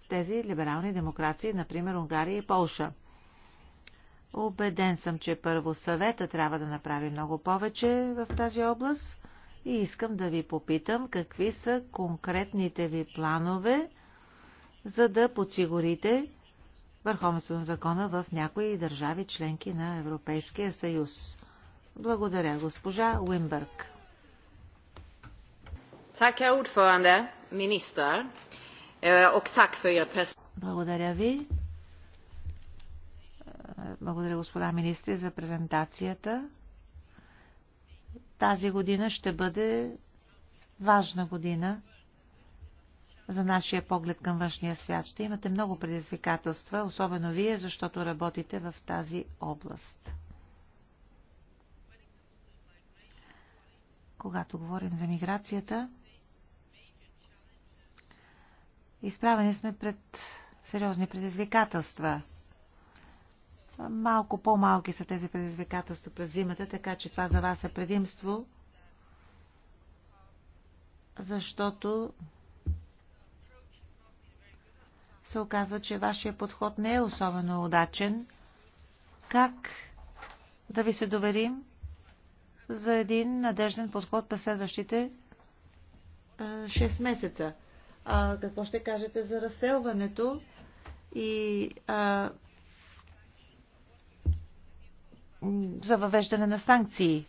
тези либерални демокрации, например Унгария и Полша. Обеден съм, че първо съвета трябва да направи много повече в тази област и искам да ви попитам какви са конкретните ви планове, за да подсигурите върховенство на закона в някои държави членки на Европейския съюз. Благодаря, госпожа Уинбърг. Tack, herr ordförande, ministrar. Eh, er благодаря ви. Е, благодаря, господа министри, за презентацията. Тази година ще бъде важна година за нашия поглед към външния свят. Ще имате много предизвикателства, особено вие, защото работите в тази област. Когато говорим за миграцията, Изправени сме пред сериозни предизвикателства. Малко по-малки са тези предизвикателства през зимата, така че това за вас е предимство, защото се оказва, че вашия подход не е особено удачен. Как да ви се доверим за един надежден подход през следващите 6 месеца? А, какво ще кажете за разселването? И а, за въвеждане на санкции.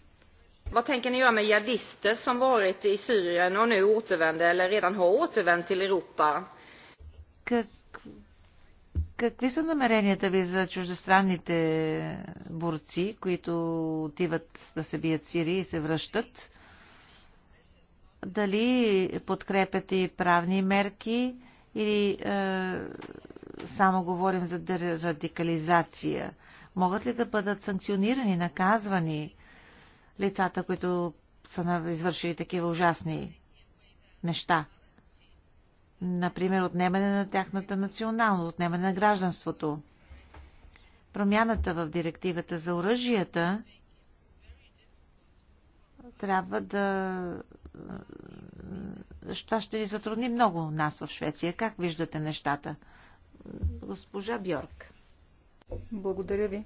Vad tänker ni göra med jihadister som varit i Syrien och nu återvände eller redan har återvänt till Europa? Как... Какви са намеренията ви за чуждестранните борци, които отиват да се бият Сирия и се връщат? дали подкрепят и правни мерки или е, само говорим за радикализация. Могат ли да бъдат санкционирани, наказвани лицата, които са извършили такива ужасни неща? Например, отнемане на тяхната националност, отнемане на гражданството. Промяната в директивата за оръжията трябва да това ще ви затрудни много нас в Швеция. Как виждате нещата? Госпожа Бьорк. Благодаря ви.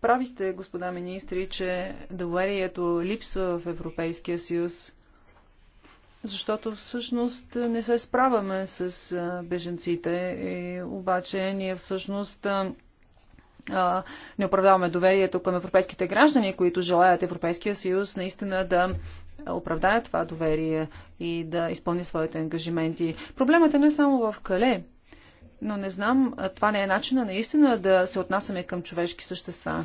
Прави сте, господа министри, че доверието липсва в Европейския съюз, защото всъщност не се справяме с беженците, и обаче ние всъщност а, не оправдаваме доверието към европейските граждани, които желаят Европейския съюз наистина да оправдае това доверие и да изпълни своите ангажименти. Проблемът е не само в Кале, но не знам, това не е начина наистина да се отнасяме към човешки същества.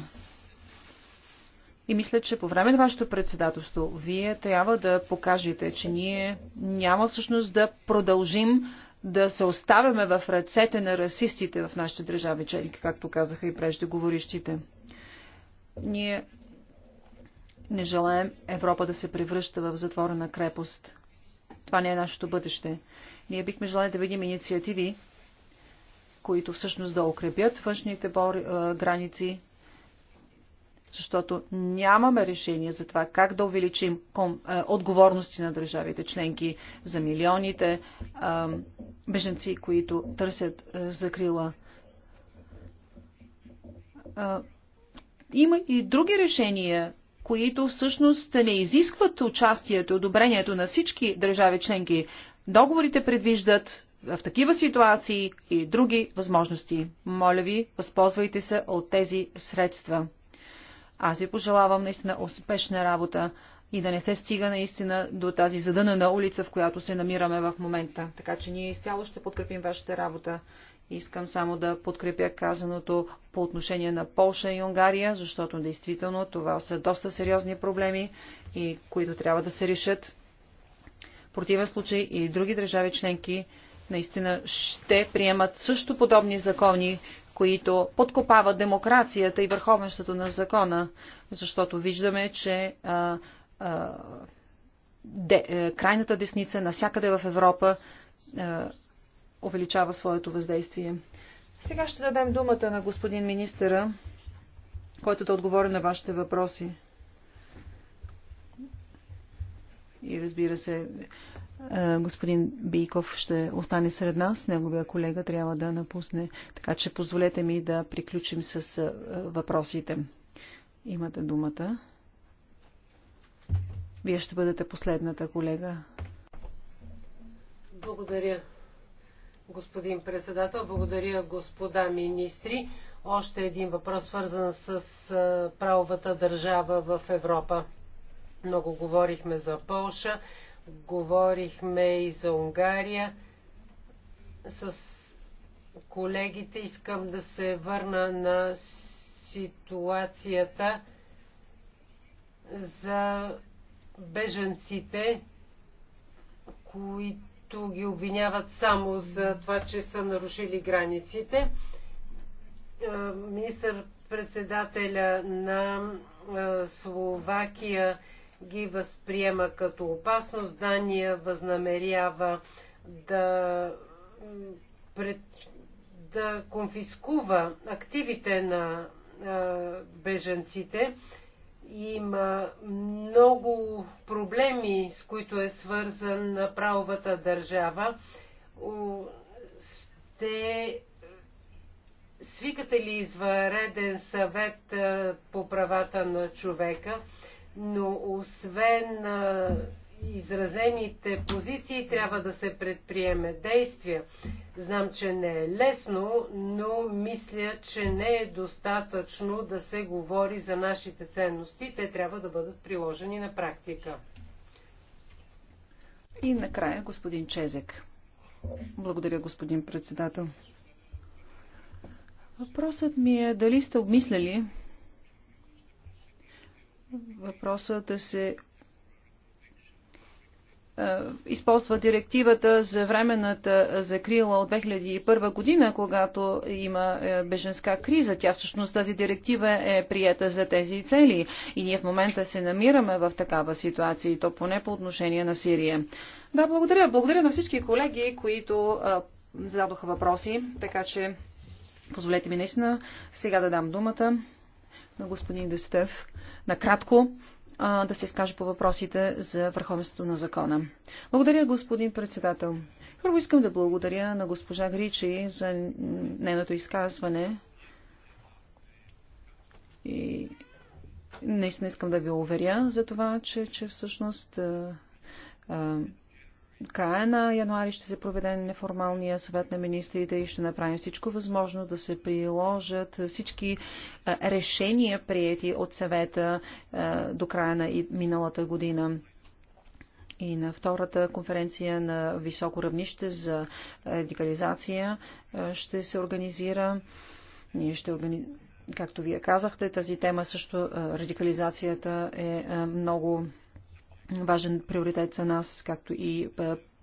И мисля, че по време на вашето председателство вие трябва да покажете, че ние няма всъщност да продължим да се оставяме в ръцете на расистите в нашите държави членки, както казаха и преждеговорищите. Ние не желаем Европа да се превръща в затворена крепост. Това не е нашето бъдеще. Ние бихме желали да видим инициативи, които всъщност да укрепят външните граници, защото нямаме решение за това как да увеличим е, отговорности на държавите членки за милионите е, беженци, които търсят е, закрила. Има и други решения, които всъщност не изискват участието, одобрението на всички държави членки. Договорите предвиждат в такива ситуации и други възможности. Моля ви, възползвайте се от тези средства. Аз ви пожелавам наистина успешна работа и да не се стига наистина до тази задънена улица, в която се намираме в момента. Така че ние изцяло ще подкрепим вашата работа. Искам само да подкрепя казаното по отношение на Полша и Унгария, защото действително това са доста сериозни проблеми и които трябва да се решат. В противен случай и други държави членки наистина ще приемат също подобни закони, които подкопават демокрацията и върховенството на закона, защото виждаме, че а, а, де, а, е, крайната десница навсякъде в Европа а, увеличава своето въздействие. Сега ще дадем думата на господин министъра, който да отговори на вашите въпроси. И разбира се, е, господин Бийков ще остане сред нас. Неговия колега трябва да напусне. Така че позволете ми да приключим с е, въпросите. Имате думата. Вие ще бъдете последната колега. Благодаря, господин председател. Благодаря, господа министри. Още един въпрос, свързан с е, правовата държава в Европа. Много говорихме за Полша. Говорихме и за Унгария. С колегите искам да се върна на ситуацията за беженците, които ги обвиняват само за това, че са нарушили границите. Е, министър-председателя на е, Словакия ги възприема като опасност. Дания възнамерява да, пред, да конфискува активите на а, беженците. Има много проблеми, с които е свързан на правовата държава. Сте свикате ли извареден съвет по правата на човека? но освен а, изразените позиции трябва да се предприеме действия. Знам, че не е лесно, но мисля, че не е достатъчно да се говори за нашите ценности. Те трябва да бъдат приложени на практика. И накрая господин Чезек. Благодаря, господин председател. Въпросът ми е дали сте обмисляли Въпросът е да се е, използва директивата за временната закрила от 2001 година, когато има е, беженска криза. Тя всъщност тази директива е приета за тези цели и ние в момента се намираме в такава ситуация и то поне по отношение на Сирия. Да, благодаря. Благодаря на всички колеги, които а, зададоха въпроси, така че позволете ми наистина сега да дам думата на господин Дестев накратко а, да се изкаже по въпросите за върховенството на закона. Благодаря, господин председател. Първо искам да благодаря на госпожа Гричи за нейното изказване. И наистина искам да ви уверя за това, че, че всъщност а, а, края на януари ще се проведе неформалния съвет на министрите и ще направим всичко възможно да се приложат всички е, решения, приети от съвета е, до края на миналата година. И на втората конференция на високо равнище за радикализация е, ще се организира. Ние ще органи... Както вие казахте, тази тема също радикализацията е много важен приоритет за нас, както и е,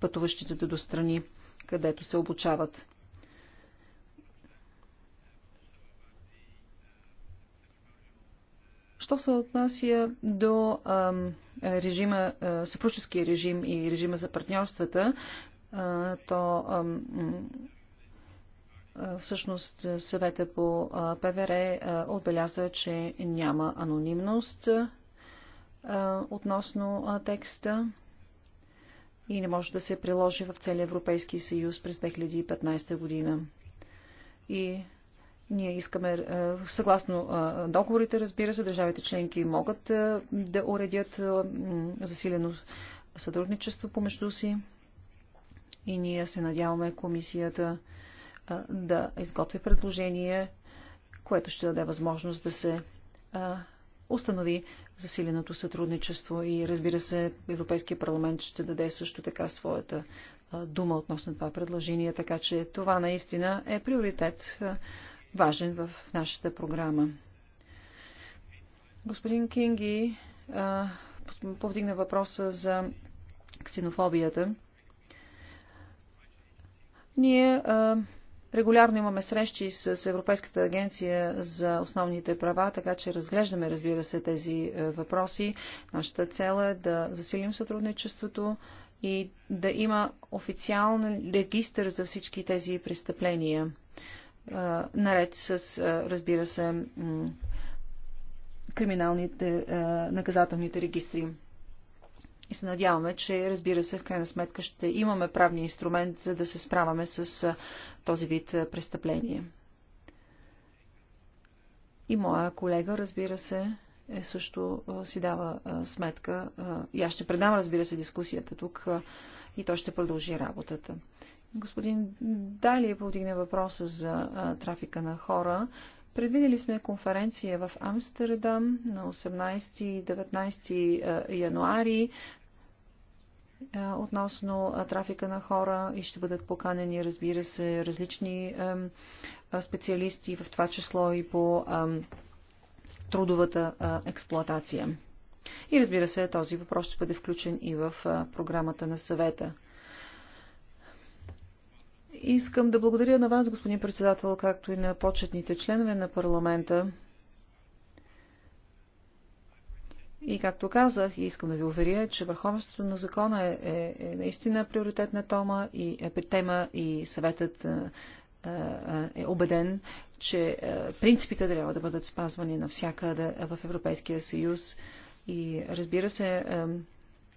пътуващите до страни, където се обучават. Що се отнася до режима, е, съпруческия режим и режима за партньорствата, е, то всъщност съвета по ПВР отбеляза, че няма анонимност относно текста и не може да се приложи в целия Европейски съюз през 2015 година. И ние искаме, съгласно договорите, разбира се, държавите членки могат да уредят засилено сътрудничество помежду си. И ние се надяваме комисията да изготви предложение, което ще даде възможност да се установи засиленото сътрудничество и разбира се Европейския парламент ще даде също така своята дума относно това предложение, така че това наистина е приоритет важен в нашата програма. Господин Кинги повдигна въпроса за ксенофобията. Ние Регулярно имаме срещи с Европейската агенция за основните права, така че разглеждаме, разбира се, тези е, въпроси. Нашата цел е да засилим сътрудничеството и да има официален регистр за всички тези престъпления, е, наред с, е, разбира се, криминалните наказателните регистри. И се надяваме, че разбира се, в крайна сметка ще имаме правния инструмент, за да се справяме с този вид престъпление. И моя колега, разбира се, е също си дава сметка. И аз ще предам, разбира се, дискусията тук и той ще продължи работата. Господин Дали повдигне въпроса за трафика на хора Предвидели сме конференция в Амстердам на 18 и 19 е, януари е, относно е, трафика на хора и ще бъдат поканени, разбира се, различни специалисти, в това число и по трудовата експлоатация. И разбира се, този въпрос ще бъде включен и в програмата на съвета. Искам да благодаря на вас, господин председател, както и на почетните членове на парламента. И както казах, искам да ви уверя, че върховенството на закона е, е, е наистина приоритетна тома и е, тема и съветът е, е, е убеден, че е, принципите трябва да бъдат спазвани навсякъде в Европейския съюз. И разбира се, е,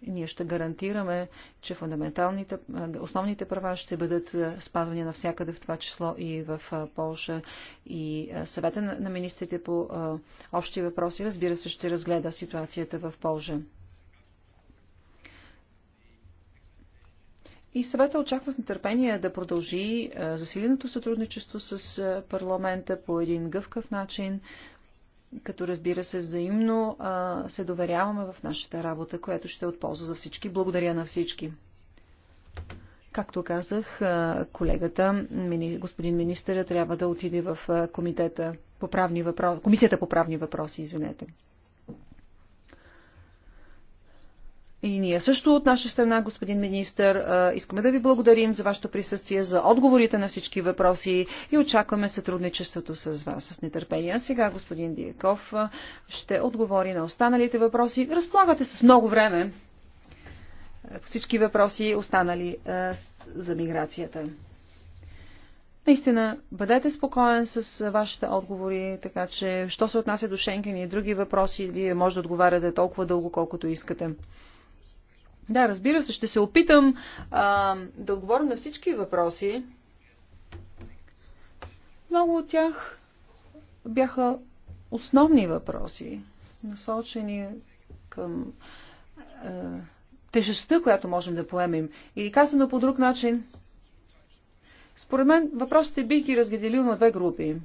ние ще гарантираме, че фундаменталните, основните права ще бъдат спазвани навсякъде, в това число и в Полша. И съвета на министрите по общи въпроси, разбира се, ще разгледа ситуацията в Польша. И съвета очаква с нетърпение да продължи засиленото сътрудничество с парламента по един гъвкав начин, като разбира се взаимно а, се доверяваме в нашата работа, която ще е от полза за всички. Благодаря на всички. Както казах, колегата, господин министър, трябва да отиде в комитета по правни въпроси, комисията по правни въпроси, извинете. И ние също от наша страна, господин министр, искаме да ви благодарим за вашето присъствие, за отговорите на всички въпроси и очакваме сътрудничеството с вас с нетърпение. А сега господин Дияков ще отговори на останалите въпроси. Разполагате с много време всички въпроси останали за миграцията. Наистина, бъдете спокоен с вашите отговори, така че, що се отнася до Шенген и други въпроси, вие може да отговаряте толкова дълго, колкото искате. Да, разбира се, ще се опитам а, да отговоря на всички въпроси. Много от тях бяха основни въпроси, насочени към а, тежестта, която можем да поемем. Или казано по друг начин, според мен въпросите бих ги разгеделил на две групи.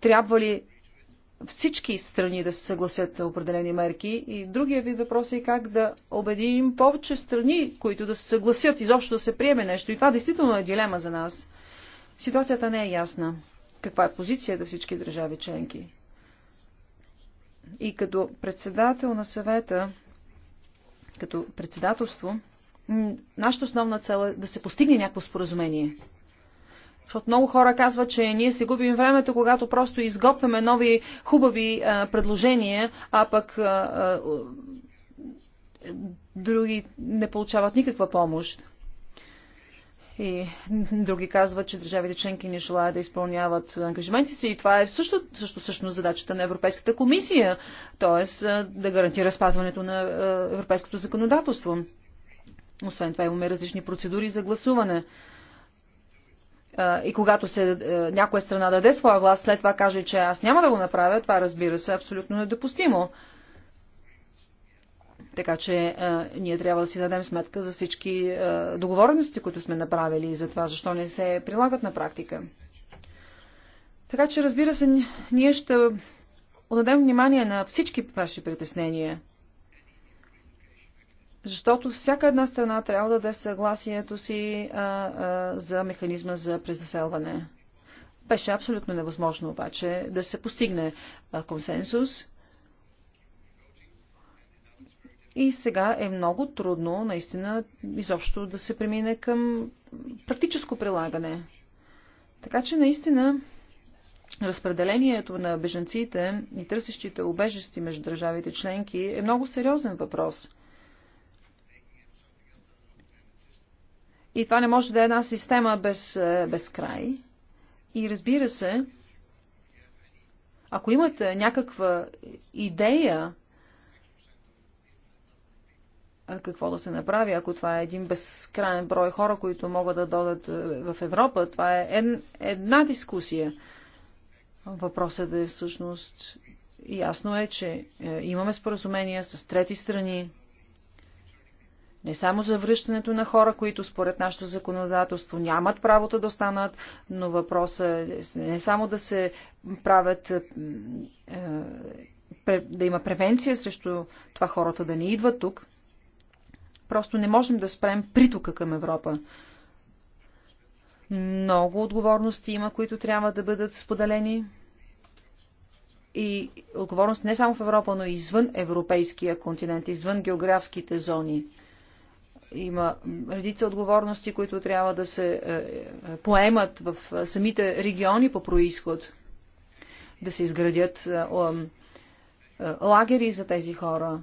Трябва ли всички страни да се съгласят на определени мерки. И другия вид въпрос е как да убедим повече страни, които да се съгласят изобщо да се приеме нещо. И това действително е дилема за нас. Ситуацията не е ясна. Каква е позицията всички държави членки? И като председател на съвета, като председателство, нашата основна цел е да се постигне някакво споразумение. Защото много хора казват, че ние си губим времето, когато просто изготвяме нови хубави а, е, предложения, а пък а, е, а, е, други не получават никаква помощ. И други казват, че държавите членки не желаят да изпълняват ангажименти си. И това е също, също също задачата на Европейската комисия, т.е. да гарантира спазването на европейското законодателство. Освен това имаме различни процедури за гласуване и когато се, е, някоя страна даде своя глас, след това каже, че аз няма да го направя, това разбира се е абсолютно недопустимо. Така че а, е, ние трябва да си дадем сметка за всички а, договорености, които сме направили и за това, защо не се прилагат на практика. Така че, разбира се, ние ще отдадем внимание на всички ваши притеснения. Защото всяка една страна трябва да даде съгласието си а, а, за механизма за презаселване. Беше абсолютно невъзможно обаче да се постигне а, консенсус. И сега е много трудно, наистина, изобщо да се премине към практическо прилагане. Така че, наистина, разпределението на беженците и търсещите убежести между държавите членки е много сериозен въпрос – И това не може да е една система без, е, без край. И разбира се, ако имате някаква идея какво да се направи, ако това е един безкрайен брой хора, които могат да додат е, в Европа, това е една дискусия. Въпросът е всъщност ясно е, че е, имаме споразумения с трети страни, не само за връщането на хора, които според нашето законодателство нямат правото да останат, но въпросът е не само да се правят е, да има превенция срещу това хората да не идват тук. Просто не можем да спрем притока към Европа. Много отговорности има, които трябва да бъдат споделени. И отговорност не само в Европа, но и извън европейския континент, извън географските зони. Има редица отговорности, които трябва да се е, е, поемат в е, самите региони по происход, да се изградят лагери за тези хора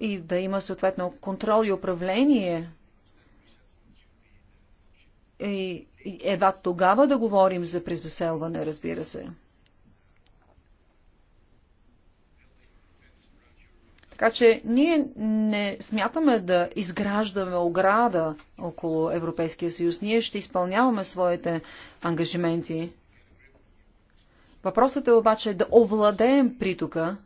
и да има съответно контрол и управление. И едва тогава да говорим за презаселване, разбира се. Така че ние не смятаме да изграждаме ограда около Европейския съюз. Ние ще изпълняваме своите ангажименти. Въпросът е обаче да овладеем притока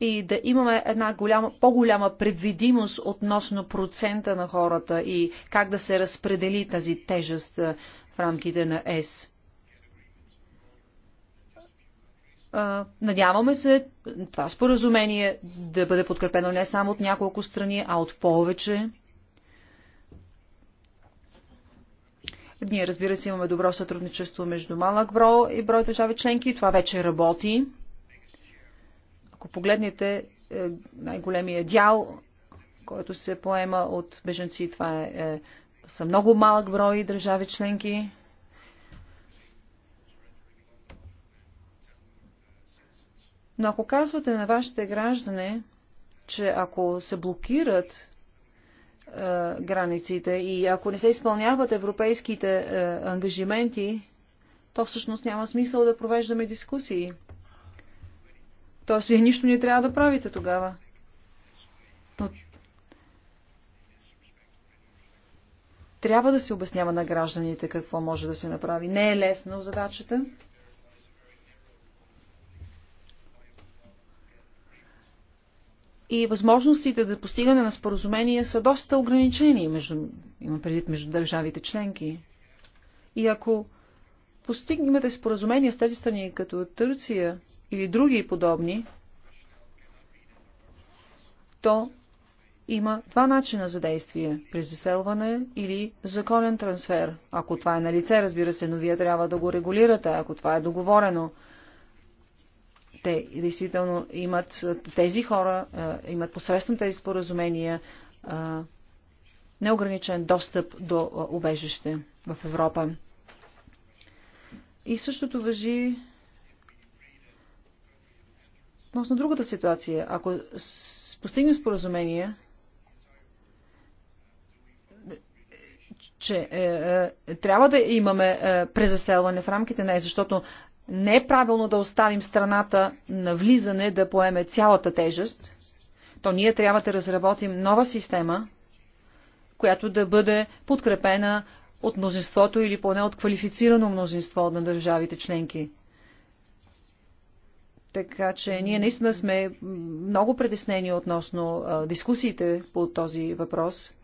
и да имаме една голяма, по-голяма предвидимост относно процента на хората и как да се разпредели тази тежест в рамките на ЕС. Надяваме се това споразумение да бъде подкрепено не само от няколко страни, а от повече. Ние, разбира се, имаме добро сътрудничество между малък бро и брой държави членки. Това вече работи. Ако погледнете е, най-големия дял, който се поема от беженци, това е, е са много малък брой държави членки. Но ако казвате на вашите граждане, че ако се блокират е, границите и ако не се изпълняват европейските е, ангажименти, то всъщност няма смисъл да провеждаме дискусии. Тоест, вие нищо не трябва да правите тогава. Но трябва да се обяснява на гражданите какво може да се направи. Не е лесно задачата. и възможностите за постигане на споразумения са доста ограничени, между, има предвид между държавите членки. И ако постигнете споразумение с тези страни, като Турция или други подобни, то има два начина за действие – през заселване или законен трансфер. Ако това е на лице, разбира се, но вие трябва да го регулирате, ако това е договорено – те действително имат, тези хора имат посредством тези споразумения неограничен достъп до убежище в Европа. И същото въжи относно другата ситуация. Ако постигнем споразумение, че е, е, трябва да имаме е, презаселване в рамките на е, защото не е правилно да оставим страната на влизане да поеме цялата тежест, то ние трябва да разработим нова система, която да бъде подкрепена от мнозинството или поне от квалифицирано мнозинство на държавите членки. Така че ние наистина сме много притеснени относно а, дискусиите по този въпрос.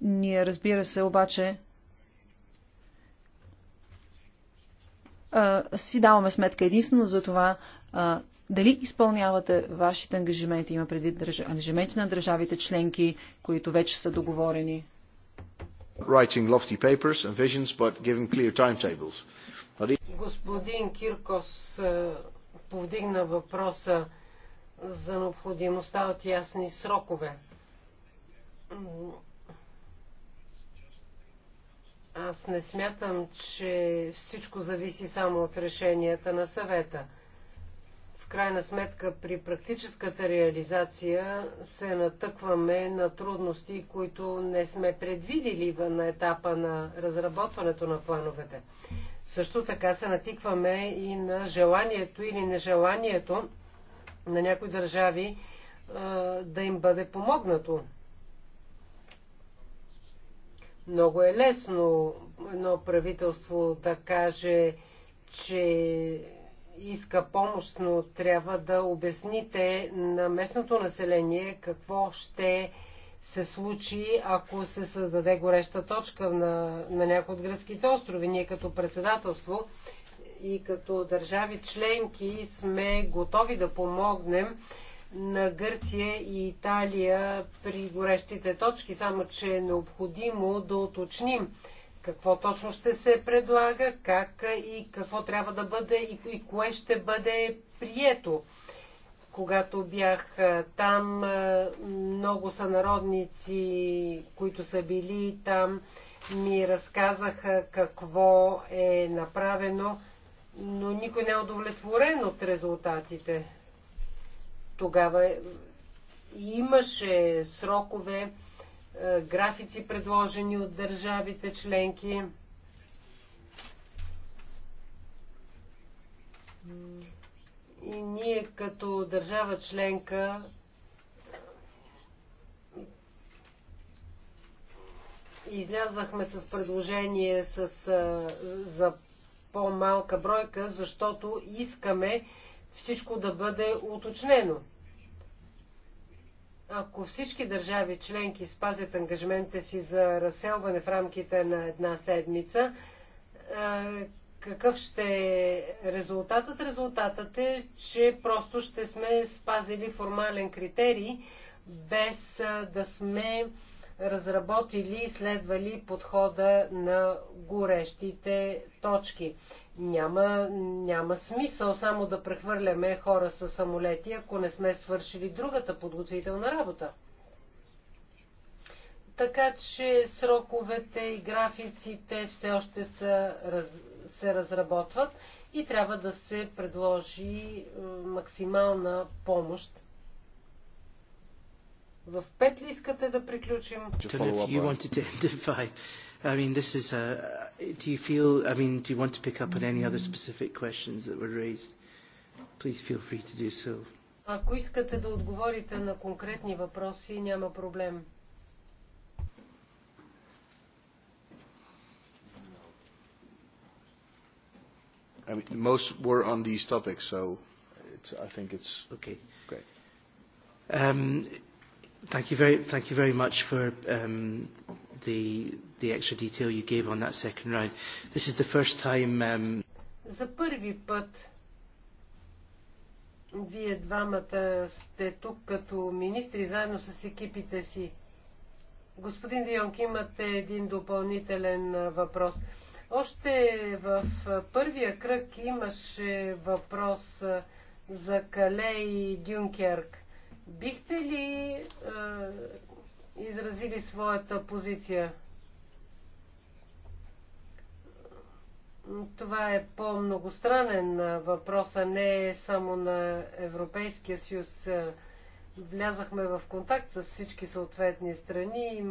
Ние, разбира се, обаче си даваме сметка единствено за това а, дали изпълнявате вашите ангажименти, има преди държ... ангажименти на държавите членки, които вече са договорени. Visions, Господин Киркос повдигна въпроса за необходимостта от ясни срокове. Аз не смятам, че всичко зависи само от решенията на съвета. В крайна сметка при практическата реализация се натъкваме на трудности, които не сме предвидили на етапа на разработването на плановете. Също така се натикваме и на желанието или нежеланието на някои държави да им бъде помогнато. Много е лесно едно правителство да каже, че иска помощ, но трябва да обясните на местното население какво ще се случи, ако се създаде гореща точка на, на някои от гръцките острови. Ние като председателство и като държави членки сме готови да помогнем на Гърция и Италия при горещите точки, само че е необходимо да уточним какво точно ще се предлага, как и какво трябва да бъде и, и кое ще бъде прието. Когато бях там, много сънародници, които са били там, ми разказаха какво е направено, но никой не е удовлетворен от резултатите. Тогава имаше срокове, е, графици предложени от държавите членки. И ние като държава членка излязахме с предложение с, е, за по-малка бройка, защото искаме всичко да бъде уточнено. Ако всички държави членки спазят ангажментите си за разселване в рамките на една седмица, е, какъв ще е резултатът? Резултатът е, че просто ще сме спазили формален критерий, без е, да сме разработили и следвали подхода на горещите точки. Няма, няма смисъл само да прехвърляме хора с самолети, ако не сме свършили другата подготвителна работа. Така че сроковете и графиците все още са, раз, се разработват и трябва да се предложи максимална помощ в пет ли искате да приключим? I mean, this is a. Do you feel? I mean, do you want to pick up on any other specific questions that were raised? Please feel free to do so. Ако искате да отговорите на конкретни въпроси, няма проблем. I mean, most were on these topics, so it's, I think it's okay. Great. Um, Thank you very, thank you very much for um, the, the extra detail you gave on that second round. This is the first time. Um... За първи път вие двамата сте тук като министри заедно с екипите си. Господин Дионк, имате един допълнителен въпрос. Още в първия кръг имаше въпрос за Кале и Дюнкерк. Бихте ли е, изразили своята позиция? Това е по-многостранен въпрос, а не само на Европейския съюз. Влязахме в контакт с всички съответни страни.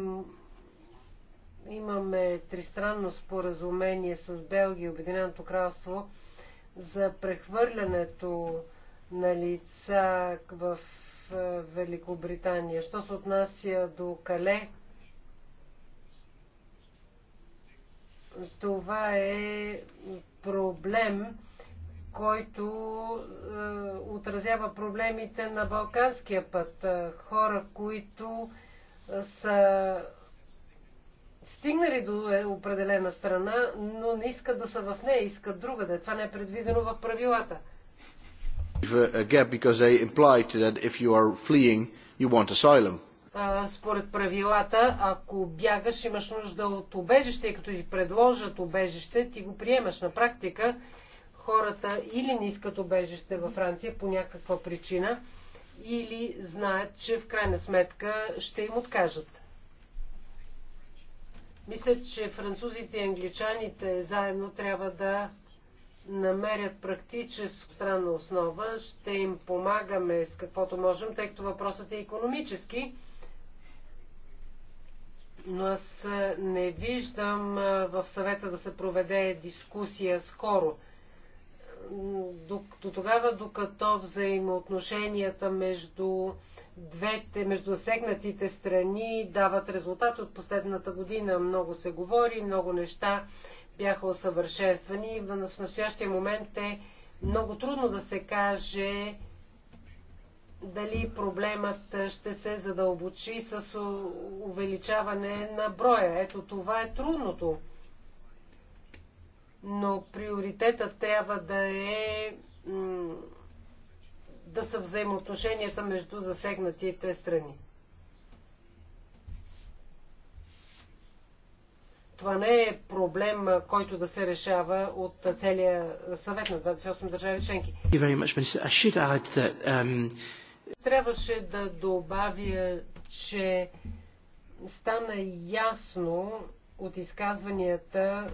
Имаме тристранно споразумение с Белгия и Обединеното кралство за прехвърлянето на лица в Великобритания. Що се отнася до Кале, това е проблем, който е, отразява проблемите на Балканския път. Хора, които са стигнали до е, определена страна, но не искат да са в нея, искат друга да е. Това не е предвидено в правилата a gap because they implied that if you are fleeing, you want asylum. Според правилата, ако бягаш, имаш нужда от убежище и като ти предложат убежище, ти го приемаш. На практика хората или не искат убежище във Франция по някаква причина, или знаят, че в крайна сметка ще им откажат. Мисля, че французите и англичаните заедно трябва да намерят практическа странна основа, ще им помагаме с каквото можем, тъй като въпросът е економически. Но аз не виждам в съвета да се проведе дискусия скоро. До, тогава, докато взаимоотношенията между двете, между засегнатите страни дават резултат от последната година. Много се говори, много неща бяха усъвършенствани. В настоящия момент е много трудно да се каже дали проблемът ще се задълбочи с увеличаване на броя. Ето това е трудното. Но приоритетът трябва да е да са взаимоотношенията между засегнатите страни. Това не е проблем, който да се решава от целия съвет на 28 държави членки. Um, Трябваше да добавя, че стана ясно от изказванията,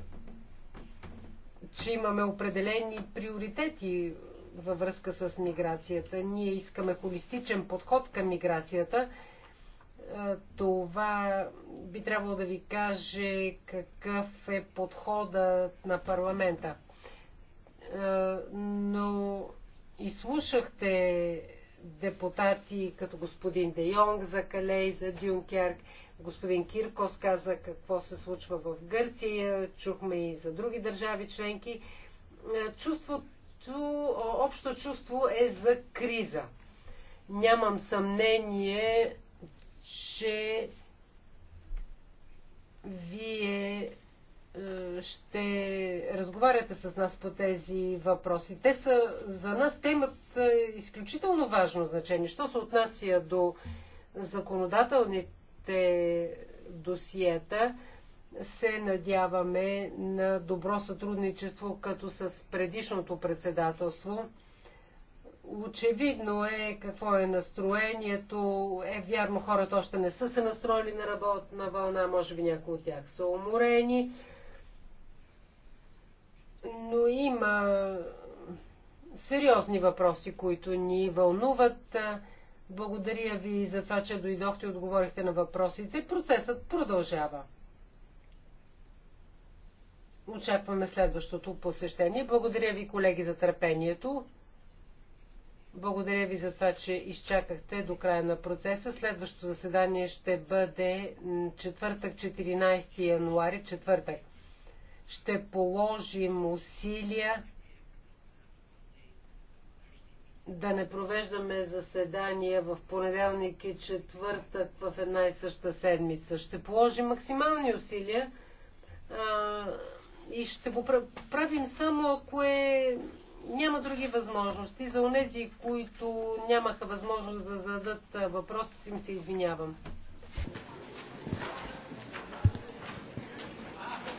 че имаме определени приоритети във връзка с миграцията. Ние искаме холистичен подход към миграцията – това би трябвало да ви каже какъв е подходът на парламента. Но изслушахте депутати като господин Де Йонг за Калей, за Дюнкерк, господин Киркос каза какво се случва в Гърция, чухме и за други държави членки. Чувството, общо чувство е за криза. Нямам съмнение, че вие е, ще разговаряте с нас по тези въпроси. Те са, за нас те имат е, изключително важно значение. Що се отнася до законодателните досиета, се надяваме на добро сътрудничество, като с предишното председателство. Очевидно е какво е настроението. Е вярно, хората още не са се настроили на работна вълна, може би някои от тях са уморени. Но има сериозни въпроси, които ни вълнуват. Благодаря ви за това, че дойдохте и отговорихте на въпросите. Процесът продължава. Очакваме следващото посещение. Благодаря ви, колеги, за търпението. Благодаря ви за това, че изчакахте до края на процеса. Следващото заседание ще бъде четвъртък, 14 януари, четвъртък. Ще положим усилия да не провеждаме заседания в понеделник и четвъртък в една и съща седмица. Ще положим максимални усилия а, и ще го правим само ако е няма други възможности. За онези, които нямаха възможност да зададат въпроси, им се извинявам.